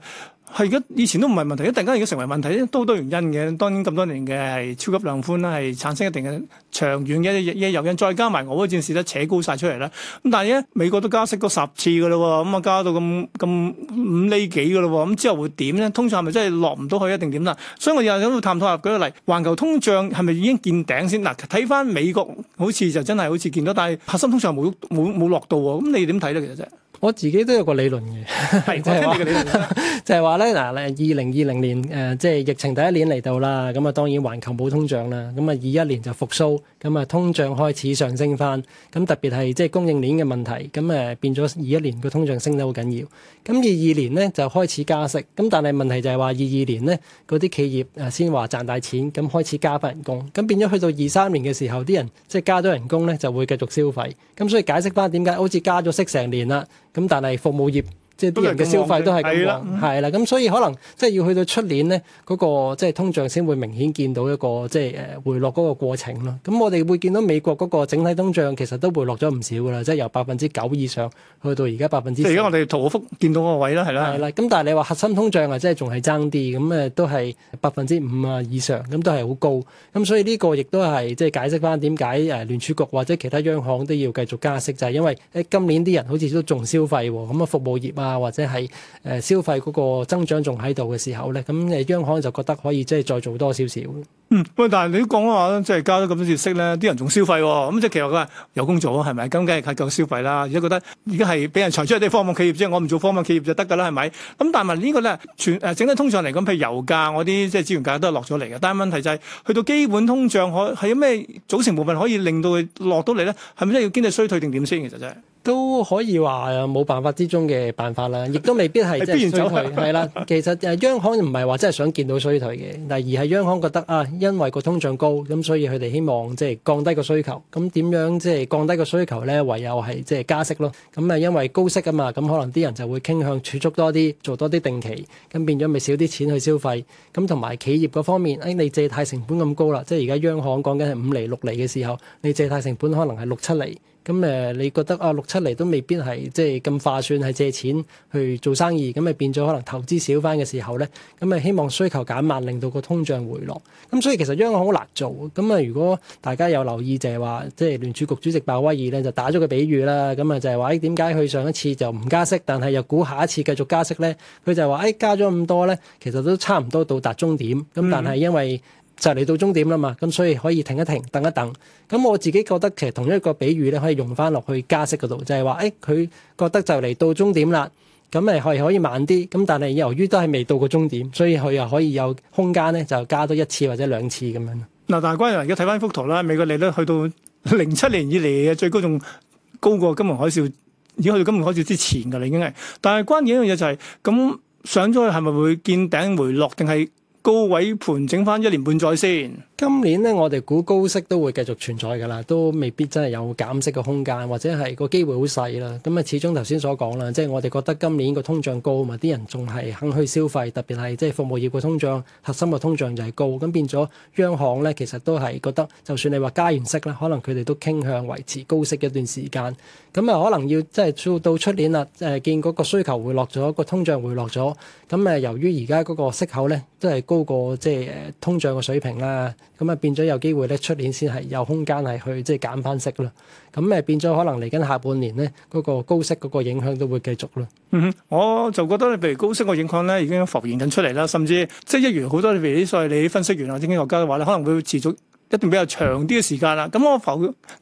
係而家以前都唔係問題，而家突然間而家成為問題咧，都好多原因嘅。當然咁多年嘅係超級量寬咧，係產生一定嘅長遠嘅一一誘因，再加埋我嗰件事咧，都扯高晒出嚟啦。咁但係咧，美國都加息過十次嘅嘞喎，咁、嗯、啊加到咁咁五厘幾嘅嘞喎，咁、嗯、之後會點咧？通脹係咪真係落唔到去一定點啦？所以我又喺度探討下舉個例，環球通脹係咪已經見頂先？嗱，睇翻美國好似就真係好似見到，但係核心通脹冇冇冇落到喎。咁、嗯、你點睇咧？其實啫。我自己都有個理論嘅， 就係話咧嗱，二零二零年誒，即、呃、係疫情第一年嚟到啦，咁啊當然環球冇通脹啦，咁啊二一年就復甦，咁啊通脹開始上升翻，咁特別係即係供應鏈嘅問題，咁、呃、誒變咗二一年個通脹升得好緊要，咁二二年咧就開始加息，咁但係問題就係話二二年咧嗰啲企業誒先話賺大錢，咁開始加翻人工，咁變咗去到二三年嘅時候，啲人即係加咗人工咧就會繼續消費，咁所以解釋翻點解好似加咗息成年啦？咁但係服務業。即係啲人嘅消費都係咁，係啦，係啦，咁所以可能即係要去到出年咧，嗰、嗰個即係通脹先會明顯見到一個即係誒回落嗰個過程咯。咁我哋會見到美國嗰個整體通脹其實都會落咗唔少噶啦，即係由百分之九以上去到而家百分之。即而家我哋圖福見到個位啦，係啦，係啦。咁但係你話核心通脹啊，即係仲係爭啲咁誒，都係百分之五啊以上，咁都係好高。咁所以呢個亦都係即係解釋翻點解誒聯儲局或者其他央行都要繼續加息，就係、是、因為喺今年啲人好似都仲消費喎，咁啊服務業啊。啊，或者係誒消費嗰個增長仲喺度嘅時候咧，咁誒央行就覺得可以即係再做多少少。嗯，喂，但係你講嘅話即係交咗咁多利息咧，啲、就是、人仲消費喎，咁、嗯、即係其實佢有工作係咪？咁梗係靠夠消費啦，而家覺得而家係俾人裁出啲科房企業啫，我唔做科房企業就得㗎啦，係咪？咁但係呢、呃、個咧全誒整體通脹嚟講，譬如油價嗰啲即係資源價都係落咗嚟嘅。但係問題就係去到基本通脹可係有咩組成部分可以令到佢落到嚟咧？係咪真係要經濟衰退定點先？其實真、就、係、是。都可以話冇辦法之中嘅辦法啦，亦都未必係即係衰退。係啦，其實央行唔係話真係想見到衰退嘅，但係而係央行覺得啊，因為個通脹高，咁所以佢哋希望即係降低個需求。咁點樣即係降低個需求咧？唯有係即係加息咯。咁啊，因為高息啊嘛，咁可能啲人就會傾向儲蓄多啲，做多啲定期，咁變咗咪少啲錢去消費。咁同埋企業嗰方面，誒你借貸成本咁高啦，即係而家央行講緊係五厘、六厘嘅時候，你借貸成本可能係六七厘。咁誒，你覺得啊，六七厘都未必係即係咁化算，係借錢去做生意，咁咪變咗可能投資少翻嘅時候咧，咁咪希望需求減慢，令到個通脹回落。咁所以其實央行好難做。咁啊，如果大家有留意就係話，即係聯儲局主席鮑威爾咧，就打咗個比喻啦。咁啊，就係話點解佢上一次就唔加息，但係又估下一次繼續加息咧？佢就係話誒、哎，加咗咁多咧，其實都差唔多到達終點。咁但係因為就嚟到終點啦嘛，咁所以可以停一停，等一等。咁我自己覺得其實同一個比喻咧，可以用翻落去加息嗰度，就係話誒，佢、欸、覺得就嚟到終點啦，咁咪可以可以慢啲。咁但係由於都係未到個終點，所以佢又可以有空間咧，就加多一次或者兩次咁樣。嗱、嗯，但係關於而家睇翻幅圖啦，美國利率去到零七年以嚟嘅最高仲高過金融海嘯，已經去到金融海嘯之前噶啦，已經係。但係關鍵一樣嘢就係，咁上咗去係咪會見頂回落定係？高位盤整翻一年半載先。今年咧，我哋估高息都會繼續存在㗎啦，都未必真係有減息嘅空間，或者係個機會好細啦。咁啊，始終頭先所講啦，即係我哋覺得今年個通脹高嘛，啲人仲係肯去消費，特別係即係服務業嘅通脹，核心嘅通脹就係高。咁變咗，央行咧其實都係覺得，就算你話加完息啦，可能佢哋都傾向維持高息一段時間。咁啊，可能要即係到出年啦，誒見嗰個需求回落咗，個通脹回落咗。咁誒，由於而家嗰個息口咧都係高過即係通脹嘅水平啦。咁啊，變咗有機會咧，出年先係有空間係去即係減翻息啦。咁誒變咗可能嚟緊下半年咧，嗰個高息嗰個影響都會繼續咯。嗯哼，我就覺得你，譬如高息個影響咧已經浮現緊出嚟啦，甚至即係一如好多你，譬如啲所謂你分析員啊、經濟學家嘅話咧，可能會持續一段比較長啲嘅時間啦。咁我浮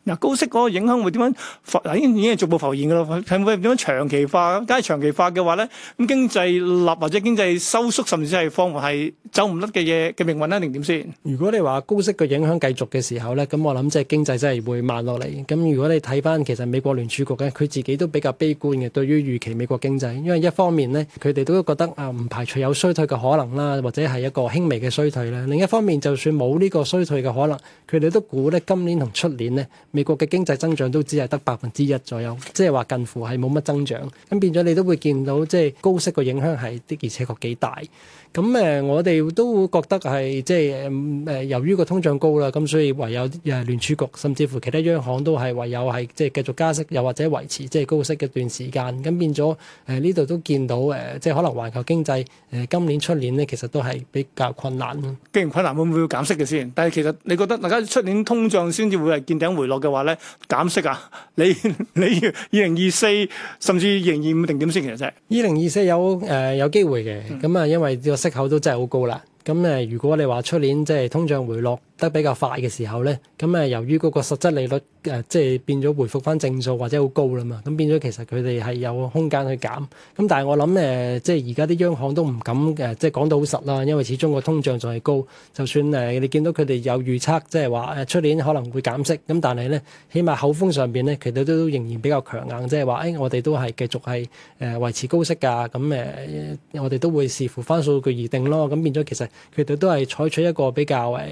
嗱、啊、高息嗰個影響會點樣浮？已經已經逐步浮現噶啦，睇會點樣長期化咁。梗係長期化嘅話咧，咁經濟立或者經濟收縮，甚至係放緩係走唔甩嘅嘢嘅命運咧，定點先？如果你話高息嘅影響繼續嘅時候咧，咁我諗即係經濟真係會慢落嚟。咁如果你睇翻其實美國聯儲局咧，佢自己都比較悲觀嘅對於預期美國經濟，因為一方面咧佢哋都覺得啊唔排除有衰退嘅可能啦，或者係一個輕微嘅衰退啦。另一方面，就算冇呢個衰退嘅可能，佢哋都估咧，今年同出年咧，美國嘅經濟增長都只係得百分之一左右，即係話近乎係冇乜增長。咁變咗你都會見到，即係高息嘅影響係的而且確幾大。咁誒，我哋都會覺得係即係誒，由於個通脹高啦，咁所以唯有誒聯儲局，甚至乎其他央行都係唯有係即係繼續加息，又或者維持即係高息嘅一段時間。咁變咗誒呢度都見到誒、呃，即係可能環球經濟誒、呃、今年出年呢，其實都係比較困難。既然困難，會唔會要減息嘅先？但係其實你覺得大家出年通脹先至會係見頂回落嘅話咧，減息啊？你你二零二四甚至二零二五定點先，其實真係二零二四有誒、呃、有機會嘅。咁啊、嗯，因為、這個息口都真係好高啦，咁誒，如果你話出年即係通脹回落得比較快嘅時候咧，咁誒由於嗰個實質利率誒、呃、即係變咗回復翻正數或者好高啦嘛，咁變咗其實佢哋係有空間去減，咁但係我諗誒、呃、即係而家啲央行都唔敢誒、呃、即係講到好實啦，因為始終個通脹仲係高。就算誒、呃、你見到佢哋有預測即係話誒出年可能會減息，咁但係咧，起碼口風上邊咧，其實都仍然比較強硬，即係話誒我哋都係繼續係誒維持高息㗎。咁誒、呃、我哋都會視乎翻數據而定咯。咁變咗其實佢哋都係採取一個比較誒、呃。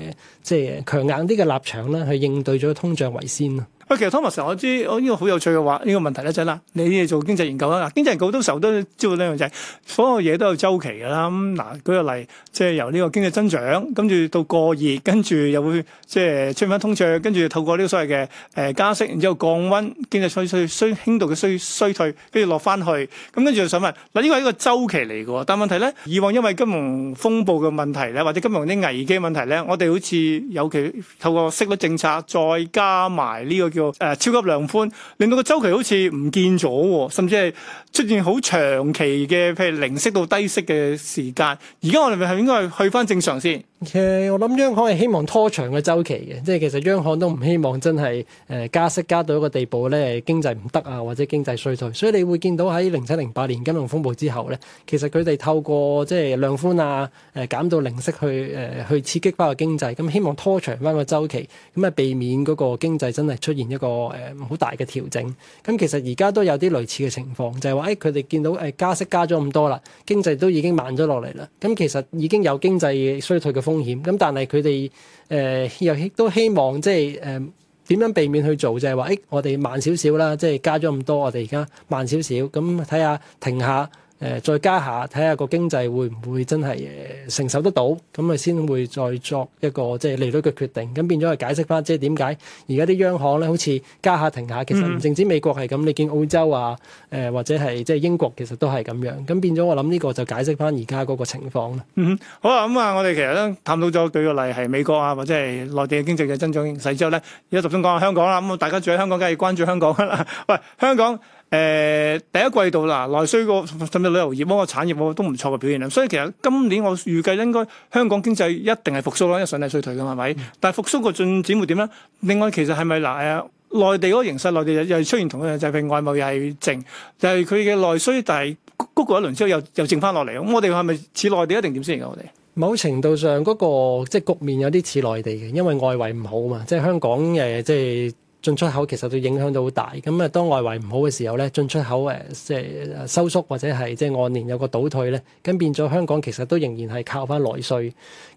即係。強硬啲嘅立場啦，去應對咗通脹為先啦。喂，其實 Thomas，我知我呢、這個好有趣嘅話，呢、這個問題咧就係啦，你哋做經濟研究啦，經濟研究好多時候都知道呢樣就係，所有嘢都有周期嘅啦。咁、嗯、嗱，舉、那個例，即係由呢個經濟增長，跟住到過熱，跟住又會即係出現翻通脹，uring, 跟住透過呢個所謂嘅誒、呃、加息，然之後降溫，經濟衰衰衰輕度嘅衰衰退，跟住落翻去，咁跟住就想問，嗱呢個係一個周期嚟嘅，但係問題咧，以往因為金融風暴嘅問題咧，或者金融啲危機問題咧，我哋好似尤其透過息率政策再加埋呢、這個。叫誒、啊、超級量寬，令到個周期好似唔見咗、哦，甚至係出現好長期嘅，譬如零息到低息嘅時間。而家我哋咪係應該係去翻正常先。誒，我諗央行係希望拖長嘅周期嘅，即係其實央行都唔希望真係誒、呃、加息加到一個地步咧，經濟唔得啊，或者經濟衰退，所以你會見到喺零七零八年金融風暴之後咧，其實佢哋透過即係量寬啊，誒、呃、減到零息去誒、呃、去刺激翻個經濟，咁、嗯、希望拖長翻個周期，咁、嗯、啊避免嗰個經濟真係出現一個誒好、呃、大嘅調整。咁、嗯、其實而家都有啲類似嘅情況，就係話誒佢哋見到誒加息加咗咁多啦，經濟都已經慢咗落嚟啦，咁、嗯、其實已經有經濟衰退嘅風險，咁，但係佢哋誒又亦都希望即係誒點樣避免去做就係話，誒我哋慢少少啦，即係加咗咁多，我哋而家慢少少，咁睇下停下。停誒再加下，睇下個經濟會唔會真係承受得到，咁啊先會再作一個即係利率嘅決定。咁變咗係解釋翻，即係點解而家啲央行咧好似加下停下，其實唔淨止美國係咁，你見澳洲啊，誒或者係即係英國，其實都係咁樣。咁變咗我諗呢個就解釋翻而家嗰個情況啦。嗯哼，好啊。咁、嗯、啊，我哋其實咧探討咗，舉個例係美國啊，或者係內地經濟嘅增長形勢之後咧，而家就先講下香港啦。咁大家住喺香港，梗係關注香港噶啦。喂，香港。誒、呃、第一季度嗱內需個甚至旅遊業嗰個產業都唔錯嘅表現啦，所以其實今年我預計應該香港經濟一定係復甦啦，因為上利衰退㗎嘛，係咪？但係復甦嘅進展會點咧？另外其實係咪嗱誒內地嗰個形勢，內地又又出現同樣嘅就係、是、外貿又係靜，就係佢嘅內需但係谷過，過，過一輪之後又又靜翻落嚟，咁我哋係咪似內地一定點先嘅？我哋某程度上嗰、那個即係局面有啲似內地嘅，因為外圍唔好啊嘛，即係香港誒即係。進出口其實都影響到好大，咁啊當外圍唔好嘅時候咧，進出口誒即係收縮或者係即係按年有個倒退咧，咁變咗香港其實都仍然係靠翻內需。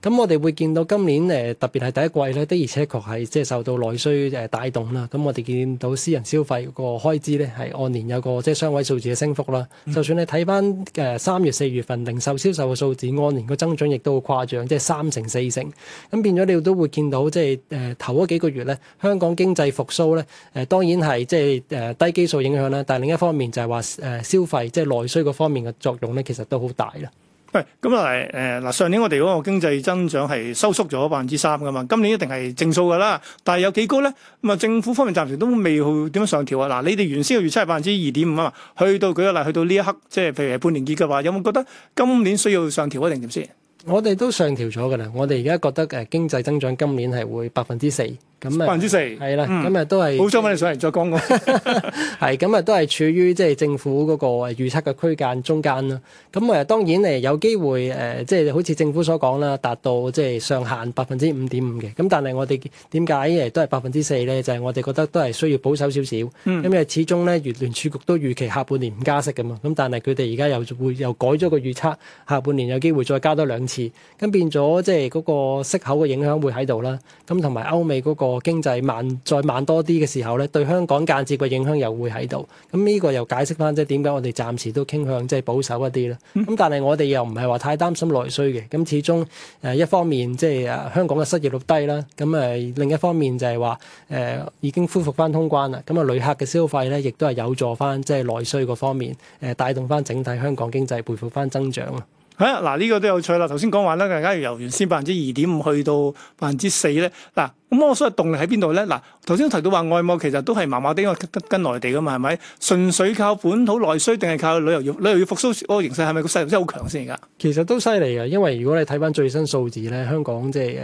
咁我哋會見到今年誒、呃、特別係第一季咧，的而且確係即係受到內需誒帶動啦。咁我哋見到私人消費個開支咧係按年有個即係雙位數字嘅升幅啦。嗯、就算你睇翻誒三月四月份零售銷售嘅數字，按年個增長亦都好誇張，即係三成四成。咁變咗你都會見到即係誒、呃、頭嗰幾個月咧，香港經濟復。都咧，誒當然係即係誒低基數影響啦，但係另一方面就係話誒消費即係、就是、內需嗰方面嘅作用咧，其實都好大啦。係咁啊，誒嗱、呃，上年我哋嗰個經濟增長係收縮咗百分之三噶嘛，今年一定係正數噶啦。但係有幾高咧？咁、嗯、啊，政府方面暫時都未會點樣上調啊。嗱，你哋原先嘅預測係百分之二點五啊嘛，去到舉個例去到呢一刻，即係譬如係半年結嘅話，有冇覺得今年需要上調一定點先？我哋都上調咗噶啦，我哋而家覺得誒經濟增長今年係會百分之四。百分之四，係啦，咁啊、嗯、都係。好想揾你上嚟再講喎。係， 咁啊都係處於即係政府嗰個預測嘅區間中間啦。咁啊當然誒有機會誒，即係好似政府所講啦，達到即係上限百分之五點五嘅。咁但係我哋點解誒都係百分之四咧？就係、是、我哋覺得都係需要保守少少，因為、嗯、始終咧，聯儲局都預期下半年唔加息㗎嘛。咁但係佢哋而家又會又改咗個預測，下半年有機會再加多兩次，咁變咗即係嗰個息口嘅影響會喺度啦。咁同埋歐美嗰、那個。個經濟慢再慢多啲嘅時候咧，對香港間接嘅影響又會喺度。咁、嗯、呢、這個又解釋翻即係點解我哋暫時都傾向即係保守一啲啦。咁但係我哋又唔係話太擔心內需嘅。咁始終誒、呃、一方面即係誒香港嘅失業率低啦。咁、呃、誒另一方面就係話誒已經恢復翻通關啦。咁、呃、啊旅客嘅消費咧，亦都係有助翻即係內需嗰方面誒、呃，帶動翻整體香港經濟恢復翻增長啊。嚇嗱呢個都有趣啦。頭先講話咧，大家要由原先百分之二點五去到百分之四咧，嗱。咁我想所謂動力喺邊度咧？嗱，頭先提到話外貿其實都係麻麻地，跟跟內地噶嘛，係咪純粹靠本土內需定係靠旅遊業？旅遊業復甦嗰個形勢係咪個勢力唔知好強先㗎？其實都犀利嘅，因為如果你睇翻最新數字咧，香港即係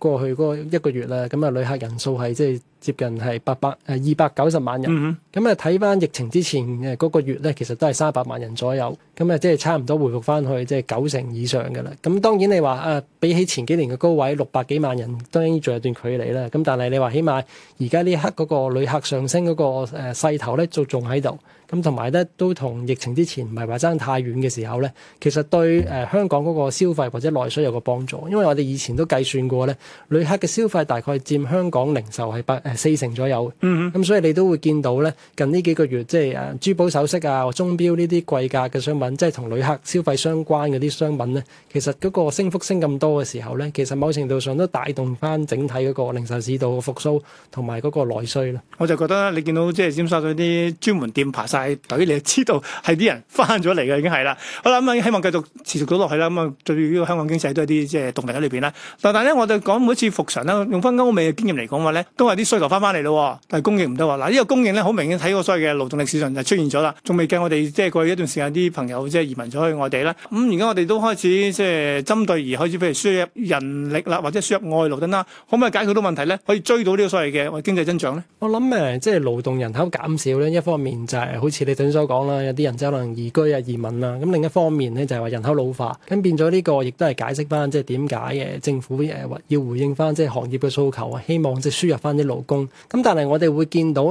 過去嗰一個月咧，咁啊旅客人數係即係接近係八百誒二百九十萬人。咁啊睇翻疫情之前誒嗰、嗰個月咧，其實都係三百萬人左右。咁啊即係差唔多回復翻去即係九成以上㗎啦。咁當然你話啊比起前幾年嘅高位六百幾萬人都仲有一段距離。咁但係你話起碼而家呢一刻嗰個旅客上升嗰個誒勢頭咧，就仲喺度。咁同埋咧，都同疫情之前唔係話爭太遠嘅時候咧，其實對誒、呃、香港嗰個消費或者內需有個幫助，因為我哋以前都計算過咧，旅客嘅消費大概佔香港零售係八誒、呃、四成左右。嗯哼。咁、嗯、所以你都會見到咧，近呢幾個月即係誒、啊、珠寶首飾啊、鐘錶呢啲貴價嘅商品，即係同旅客消費相關嘅啲商品咧，其實嗰個升幅升咁多嘅時候咧，其實某程度上都帶動翻整體嗰個零售市道嘅復甦同埋嗰個內需咯。我就覺得你見到即係尖沙咀啲專門店排晒。係由 你又知道係啲人翻咗嚟嘅，已經係啦。好啦，咁希望繼續持續到落去啦。咁啊，對呢個香港經濟都係啲即係動力喺裏邊啦。但係咧，我哋講每一次復常咧，用返歐美嘅經驗嚟講話咧，都係啲需求翻翻嚟咯，但係供應唔得喎。嗱，呢個供應咧，好明顯睇過所謂嘅勞動力市場就出現咗啦，仲未計我哋即係過去一段時間啲朋友即係移民咗去外地啦。咁而家我哋都開始即係針對而開始，譬如輸入人力啦，或者輸入外勞等等，可唔可以解決到問題咧？可以追到呢個所謂嘅經濟增長咧？我諗誒，即係勞動人口減少咧，一方面就係。好似你頭先所講啦，有啲人即係可能移居啊、移民啦。咁另一方面咧，就係話人口老化，咁變咗呢個亦都係解釋翻，即係點解嘅政府誒要回應翻即係行業嘅訴求啊，希望即係輸入翻啲勞工。咁但係我哋會見到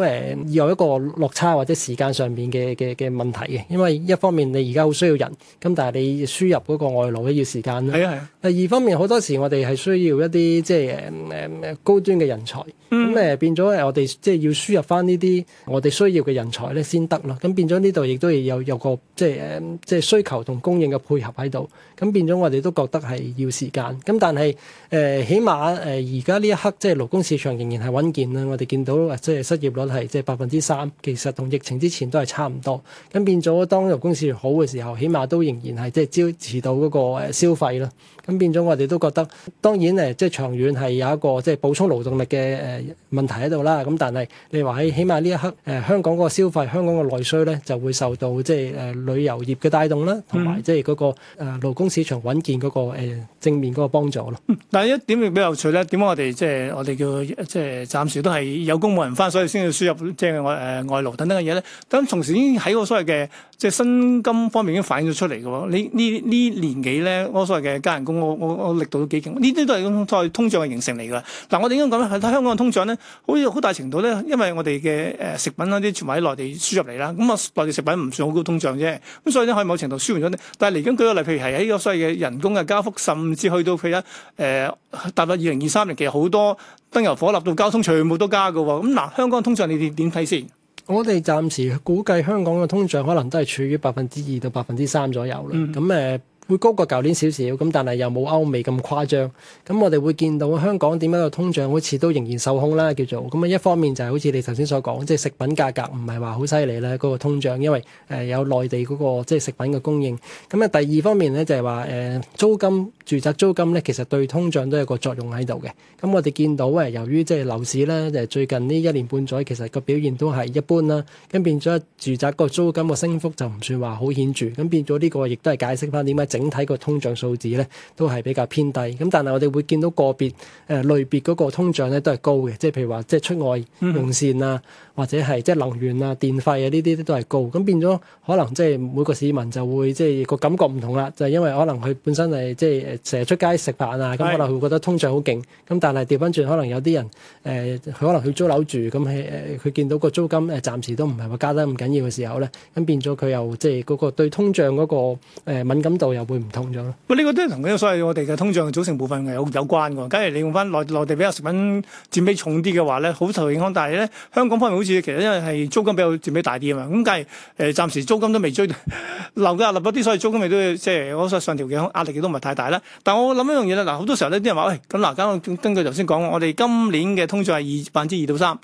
以後一個落差或者時間上面嘅嘅嘅問題嘅，因為一方面你而家好需要人，咁但係你輸入嗰個外勞都要時間啦。係啊係啊。第二方面好多時我哋係需要一啲即係誒誒高端嘅人才，咁誒變咗誒我哋即係要輸入翻呢啲我哋需要嘅人才咧先得。咁變咗呢度亦都係有有個即係誒，即係需求同供應嘅配合喺度，咁變咗我哋都覺得係要時間，咁但係誒、呃，起碼誒而家呢一刻即係勞工市場仍然係穩健啦。我哋見到即係失業率係即係百分之三，其實同疫情之前都係差唔多。咁變咗當勞工市場好嘅時候，起碼都仍然係即係招持到嗰個消費啦。咁變咗我哋都覺得，當然誒即係長遠係有一個即係補充勞動力嘅誒問題喺度啦。咁但係你話喺起碼呢一刻誒香港個消費香港個，外需咧就會受到即係誒、呃、旅遊業嘅帶動啦，同埋即係嗰、那個誒、呃、勞工市場穩健嗰、那個、呃、正面嗰個幫助咯、嗯。但係一點亦比較有趣咧，點解我哋即係我哋叫即係暫時都係有工冇人返，所以先至輸入即係我誒外勞等等嘅嘢咧？咁同時已經喺個所謂嘅即係薪金方面已經反映咗出嚟嘅喎。年紀呢呢年幾咧？我所謂嘅加人工，我我我力度都幾勁。呢啲都係咁在通脹嘅形成嚟㗎。但我哋應該講咧，香港嘅通脹咧，好似好，好，好大程度咧，因為我哋嘅誒食品嗰啲全部喺內地輸入嚟。咁啊，內地食品唔算好高通脹啫，咁所以咧可以某程度舒緩咗啲。但係嚟緊舉個例，譬如係喺個所謂嘅人工嘅加幅，甚至去到佢一誒達到二零二三年，其實好多燈油火蠟到交通全部都加㗎喎。咁嗱，香港通脹你哋點睇先？我哋暫時估計香港嘅通脹可能都係處於百分之二到百分之三左右啦。咁誒。會高過舊年少少咁，但係又冇歐美咁誇張。咁我哋會見到香港點解個通脹好似都仍然受控啦，叫做咁啊。一方面就係好似你頭先所講，即係食品價格唔係話好犀利啦，嗰個通脹，因為誒有內地嗰個即係食品嘅供應。咁啊，第二方面咧就係話誒租金。住宅租金咧，其實對通脹都有個作用喺度嘅。咁我哋見到誒，由於即係樓市咧，誒最近呢一年半載，其實個表現都係一般啦，咁變咗住宅個租金個升幅就唔算話好顯著。咁變咗呢個，亦都係解釋翻點解整體個通脹數字咧都係比較偏低。咁但係我哋會見到個別誒類別嗰個通脹咧都係高嘅，即係譬如話即係出外用膳啊、嗯或者係即係能源啊、電費啊呢啲都係高，咁變咗可能即係每個市民就會即係個感覺唔同啦，就係、因為可能佢本身係即係成日出街食飯啊，咁可能佢覺得通脹好勁，咁但係調翻轉可能有啲人誒，佢、呃、可能去租樓住，咁誒佢見到個租金誒暫時都唔係話加得咁緊要嘅時候咧，咁變咗佢又即係嗰個對通脹嗰、嗰個、呃、敏感度又會唔同咗咯。喂，呢個都係同嗰啲所謂我哋嘅通脹嘅組成部分有有，有關㗎。假如你用翻內內地比較食品佔比重啲嘅話咧，好受影響，但係咧香港方面好似其實因為係租金比較佔比較大啲啊嘛，咁梗係誒暫時租金都未追留嘅、壓力啲，所以租金咪都即係、呃、我想上調嘅壓力亦都唔係太大啦。但係我諗一樣嘢啦，嗱好多時候咧啲人話喂，咁嗱，根據頭先講，我哋今年嘅通脹係二百分之二到三。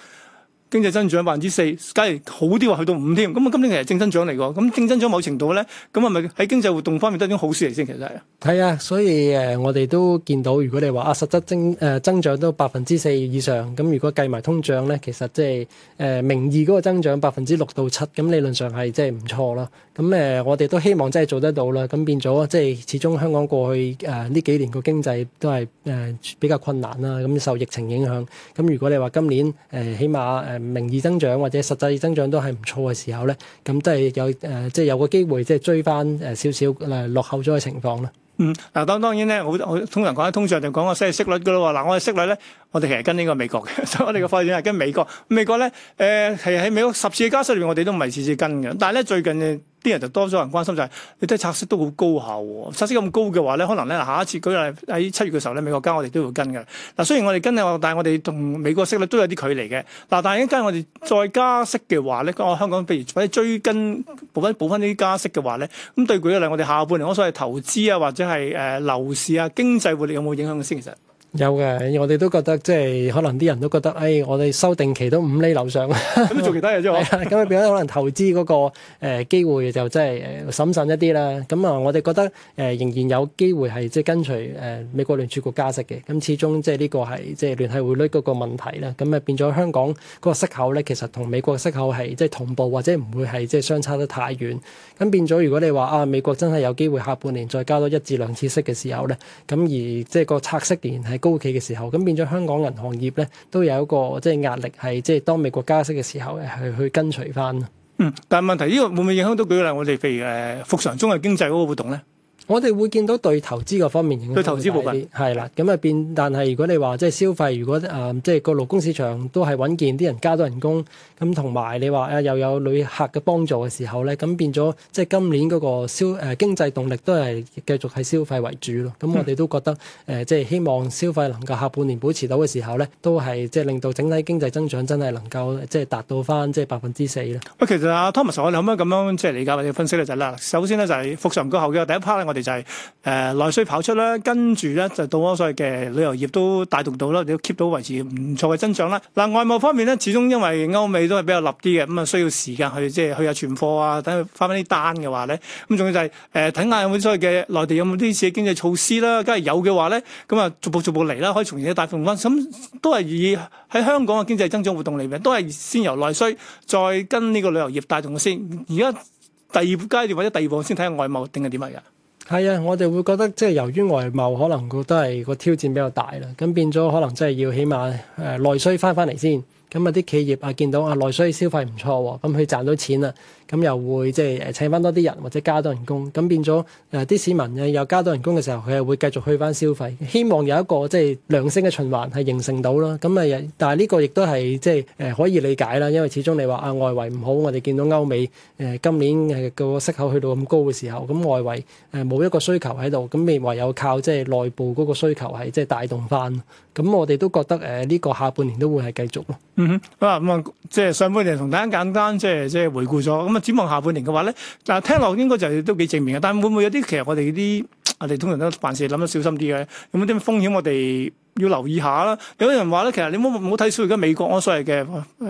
經濟增長百分之四，梗係好啲話去到五添，咁啊，今年其實正增長嚟㗎，咁正增長某程度咧，咁係咪喺經濟活動方面都係種好事嚟先？其實係係啊，所以誒、呃，我哋都見到，如果你話啊，實質增誒、呃、增長都百分之四以上，咁如果計埋通脹咧，其實即係誒名義嗰個增長百分之六到七，咁理論上係即係唔錯啦。咁誒，我哋都希望真係做得到啦。咁變咗，即係始終香港過去誒呢、呃、幾年個經濟都係誒、呃、比較困難啦。咁、嗯、受疫情影響，咁、嗯、如果你話今年誒、呃、起碼誒名義增長或者實際增長都係唔錯嘅時候咧，咁都係有誒，即、呃、係、就是、有個機會即係追翻誒、呃、少少誒落後咗嘅情況咧。嗯，嗱，當當然咧，我我通常講通常就講個息息率噶啦喎。嗱，我哋息率咧，我哋其實跟呢個美國嘅，所 以我哋嘅發展係跟美國。美國咧誒、呃，其實喺美國十次加息裏邊，我哋都唔係次次跟嘅。但係咧最近誒。啲人就多咗人關心就係，你睇拆息都好高效喎，拆息咁高嘅話咧，可能咧下一次舉例喺七月嘅時候咧，美國加我哋都會跟㗎。嗱，雖然我哋跟啊，但係我哋同美國息率都有啲距離嘅。嗱，但係一間我哋再加息嘅話咧，香港譬如或者追跟補翻補翻呢啲加息嘅話咧，咁對舉一例我哋下半年我所謂投資啊或者係誒樓市啊、經濟活力有冇影響先其實？有嘅，我哋都覺得即係可能啲人都覺得，誒、哎，我哋收定期都五厘樓上，咁 做其他嘢啫。咁變咗可能投資嗰、那個誒、呃、機會就即係審慎一啲啦。咁、嗯、啊，我哋覺得誒、呃、仍然有機會係即係跟隨誒美國聯儲局加息嘅。咁始終即係呢個係即係聯繫匯率嗰個問題啦。咁啊變咗香港個息口咧，其實同美國嘅息口係即係同步或者唔會係即係相差得太遠。咁變咗如果你話啊美國真係有機會下半年再加多一至兩次息嘅時候咧，咁而即係個拆息仍然係高企嘅時候，咁變咗香港銀行業咧，都有一個即係壓力，係即係當美國加息嘅時候，係去，去跟隨翻。嗯，但係問題呢個會唔會影響到舉例我哋，譬如誒復常中嘅經濟嗰個活動咧？我哋會見到對投資個方面，影響對投資部分係啦，咁啊變。但係如果你話即係消費，如果誒即係個勞工市場都係穩健，啲人加多人工，咁同埋你話啊又有旅客嘅幫助嘅時候咧，咁變咗即係今年嗰個消誒、呃、經濟動力都係繼續係消費為主咯。咁我哋都覺得誒即係希望消費能夠下半年保持到嘅時候咧，都係即係令到整體經濟增長真係能夠即係達到翻即係百分之四咧。喂，其實阿 Thomas，我哋可唔可以咁樣即係理解或者分析咧就係啦，首先咧就係復常過後嘅第一 part 咧，我。就係誒內需跑出啦，跟住咧就係、到咗所謂嘅旅遊業都帶動到啦，要 keep 到維持唔錯嘅增長啦。嗱、呃，外貿方面咧，始終因為歐美都係比較立啲嘅，咁、嗯、啊需要時間去即係去下存貨啊，等佢翻翻啲單嘅話咧，咁、嗯、仲要就係誒睇下有冇所謂嘅內地有冇啲嘅經濟措施啦。梗係有嘅話咧，咁啊逐步逐步嚟啦，可以從而帶動翻。咁、嗯、都係以喺香港嘅經濟增長活動嚟嘅，都係先由內需再跟呢個旅遊業帶動先。而家第二階段或者第二步先睇下外貿定係點啊？係啊，我哋會覺得即係由於外貿可能個都係個挑戰比較大啦，咁變咗可能真係要起碼誒、呃、內需翻翻嚟先，咁啊啲企業啊見到啊內需消費唔錯喎，咁佢賺到錢啦。咁又會即係請翻多啲人，或者加多人工，咁變咗誒啲市民又加多人工嘅時候，佢又會繼續去翻消費，希望有一個即係良性嘅循環係形成到啦。咁啊，但係呢個亦都係即係誒可以理解啦，因為始終你話啊外圍唔好，我哋見到歐美誒今年係個息口去到咁高嘅時候，咁外圍誒冇一個需求喺度，咁咪唯有靠即係內部嗰個需求係即係帶動翻。咁我哋都覺得誒呢個下半年都會係繼續咯。嗯哼，啊咁啊，即係上半年同大家簡單即係即係回顧咗展望下半年嘅話咧，嗱聽落應該就係都幾正面嘅，但係會唔會有啲其實我哋啲？我哋通常都凡事諗得小心啲嘅，咁啲風險我哋要留意下啦。有人話咧，其實你冇冇睇少而家美國我所謂嘅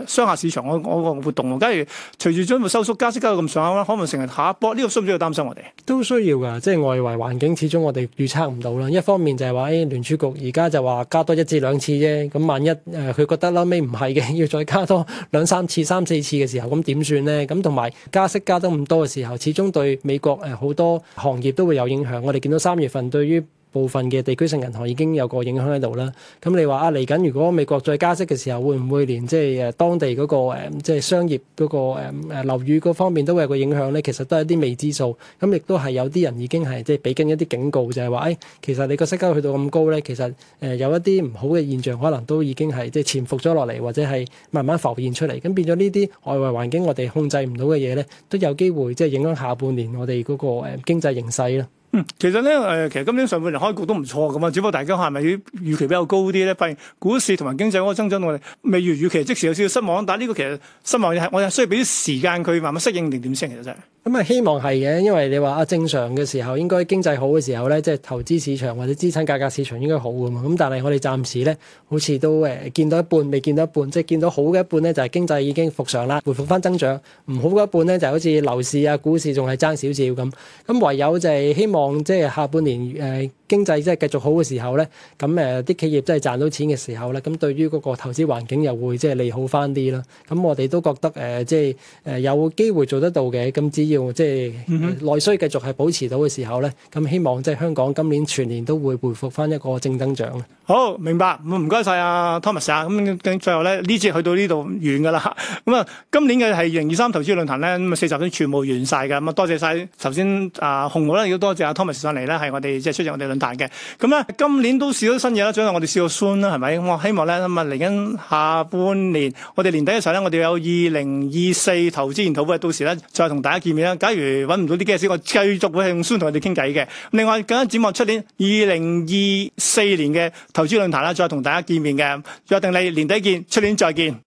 商下市場我，我，我活動，假如隨住將會收縮、加息加到咁上下，可能成日下一波？呢、這個需唔需要擔心我哋？都需要㗎，即係外圍環境，始終我哋預測唔到啦。一方面就係話，誒、哎、聯儲局而家就話加多一至兩次啫，咁萬一誒佢、呃、覺得啦，尾唔係嘅，要再加多兩三次、三四次嘅時候，咁點算咧？咁同埋加息加得咁多嘅時候，始終對美國誒、呃、好多行業都會有影響。我哋。到三月份，對於部分嘅地區性銀行已經有個影響喺度啦。咁你話啊，嚟緊如果美國再加息嘅時候，會唔會連即係誒當地嗰個誒即係商業嗰個誒誒樓宇嗰方面都會有個影響咧？其實都係一啲未知數。咁亦都係有啲人已經係即係俾緊一啲警告，就係話誒，其實你個息口去到咁高咧，其實誒有一啲唔好嘅現象，可能都已經係即係潛伏咗落嚟，或者係慢慢浮現出嚟。咁變咗呢啲外圍環境，我哋控制唔到嘅嘢咧，都有機會即係影響下半年我哋嗰個誒經濟形勢啦。嗯，其實咧，誒、呃，其實今年上半年開局都唔錯咁啊，只不過大家係咪預期比較高啲咧？發現股市同埋經濟嗰個增長，我哋未如預期，即時有少少失望。但係呢個其實失望係，我哋需要俾啲時間佢慢慢適應定點先，其實真係。咁啊，希望係嘅，因為你話啊，正常嘅時候應該經濟好嘅時候咧，即係投資市場或者資產價格市場應該好噶嘛。咁但係我哋暫時咧，好似都誒、呃、見到一半，未見到一半，即係見到好嘅一半咧，就係、是、經濟已經復常啦，回復翻增長。唔好嘅一半咧，就是、好似樓市啊、股市仲係爭少少咁。咁唯有就係希望即係下半年誒、呃、經濟即係繼續好嘅時候咧，咁誒啲企業即係賺到錢嘅時候咧，咁對於嗰個投資環境又會即係利好翻啲啦。咁我哋都覺得誒、呃、即係誒有機會做得到嘅，咁只要即係、嗯嗯、內需繼續係保持到嘅時候咧，咁希望即係香港今年全年都會回復翻一個正增長。好，明白唔該晒啊，Thomas 啊，咁最後咧，呢次去到呢度完㗎啦。咁啊，今年嘅係二零二三投資論壇咧，咁啊四集都全部完晒㗎。咁啊，多謝晒頭先啊，洪灝亦都多謝啊，Thomas 上嚟咧係我哋即係出席我哋論壇嘅。咁咧今年都試到新嘢啦，最後我哋試到 soon 啦，係咪？咁我希望咧咁啊，嚟緊下半年我哋年底嘅時候咧，我哋有二零二四投資研討會，到時咧再同大家見面。假如搵唔到啲機師，我繼續會輕鬆同佢哋傾偈嘅。另外，更加展望出年二零二四年嘅投資論壇啦，再同大家見面嘅約定，你年底見，出年再見。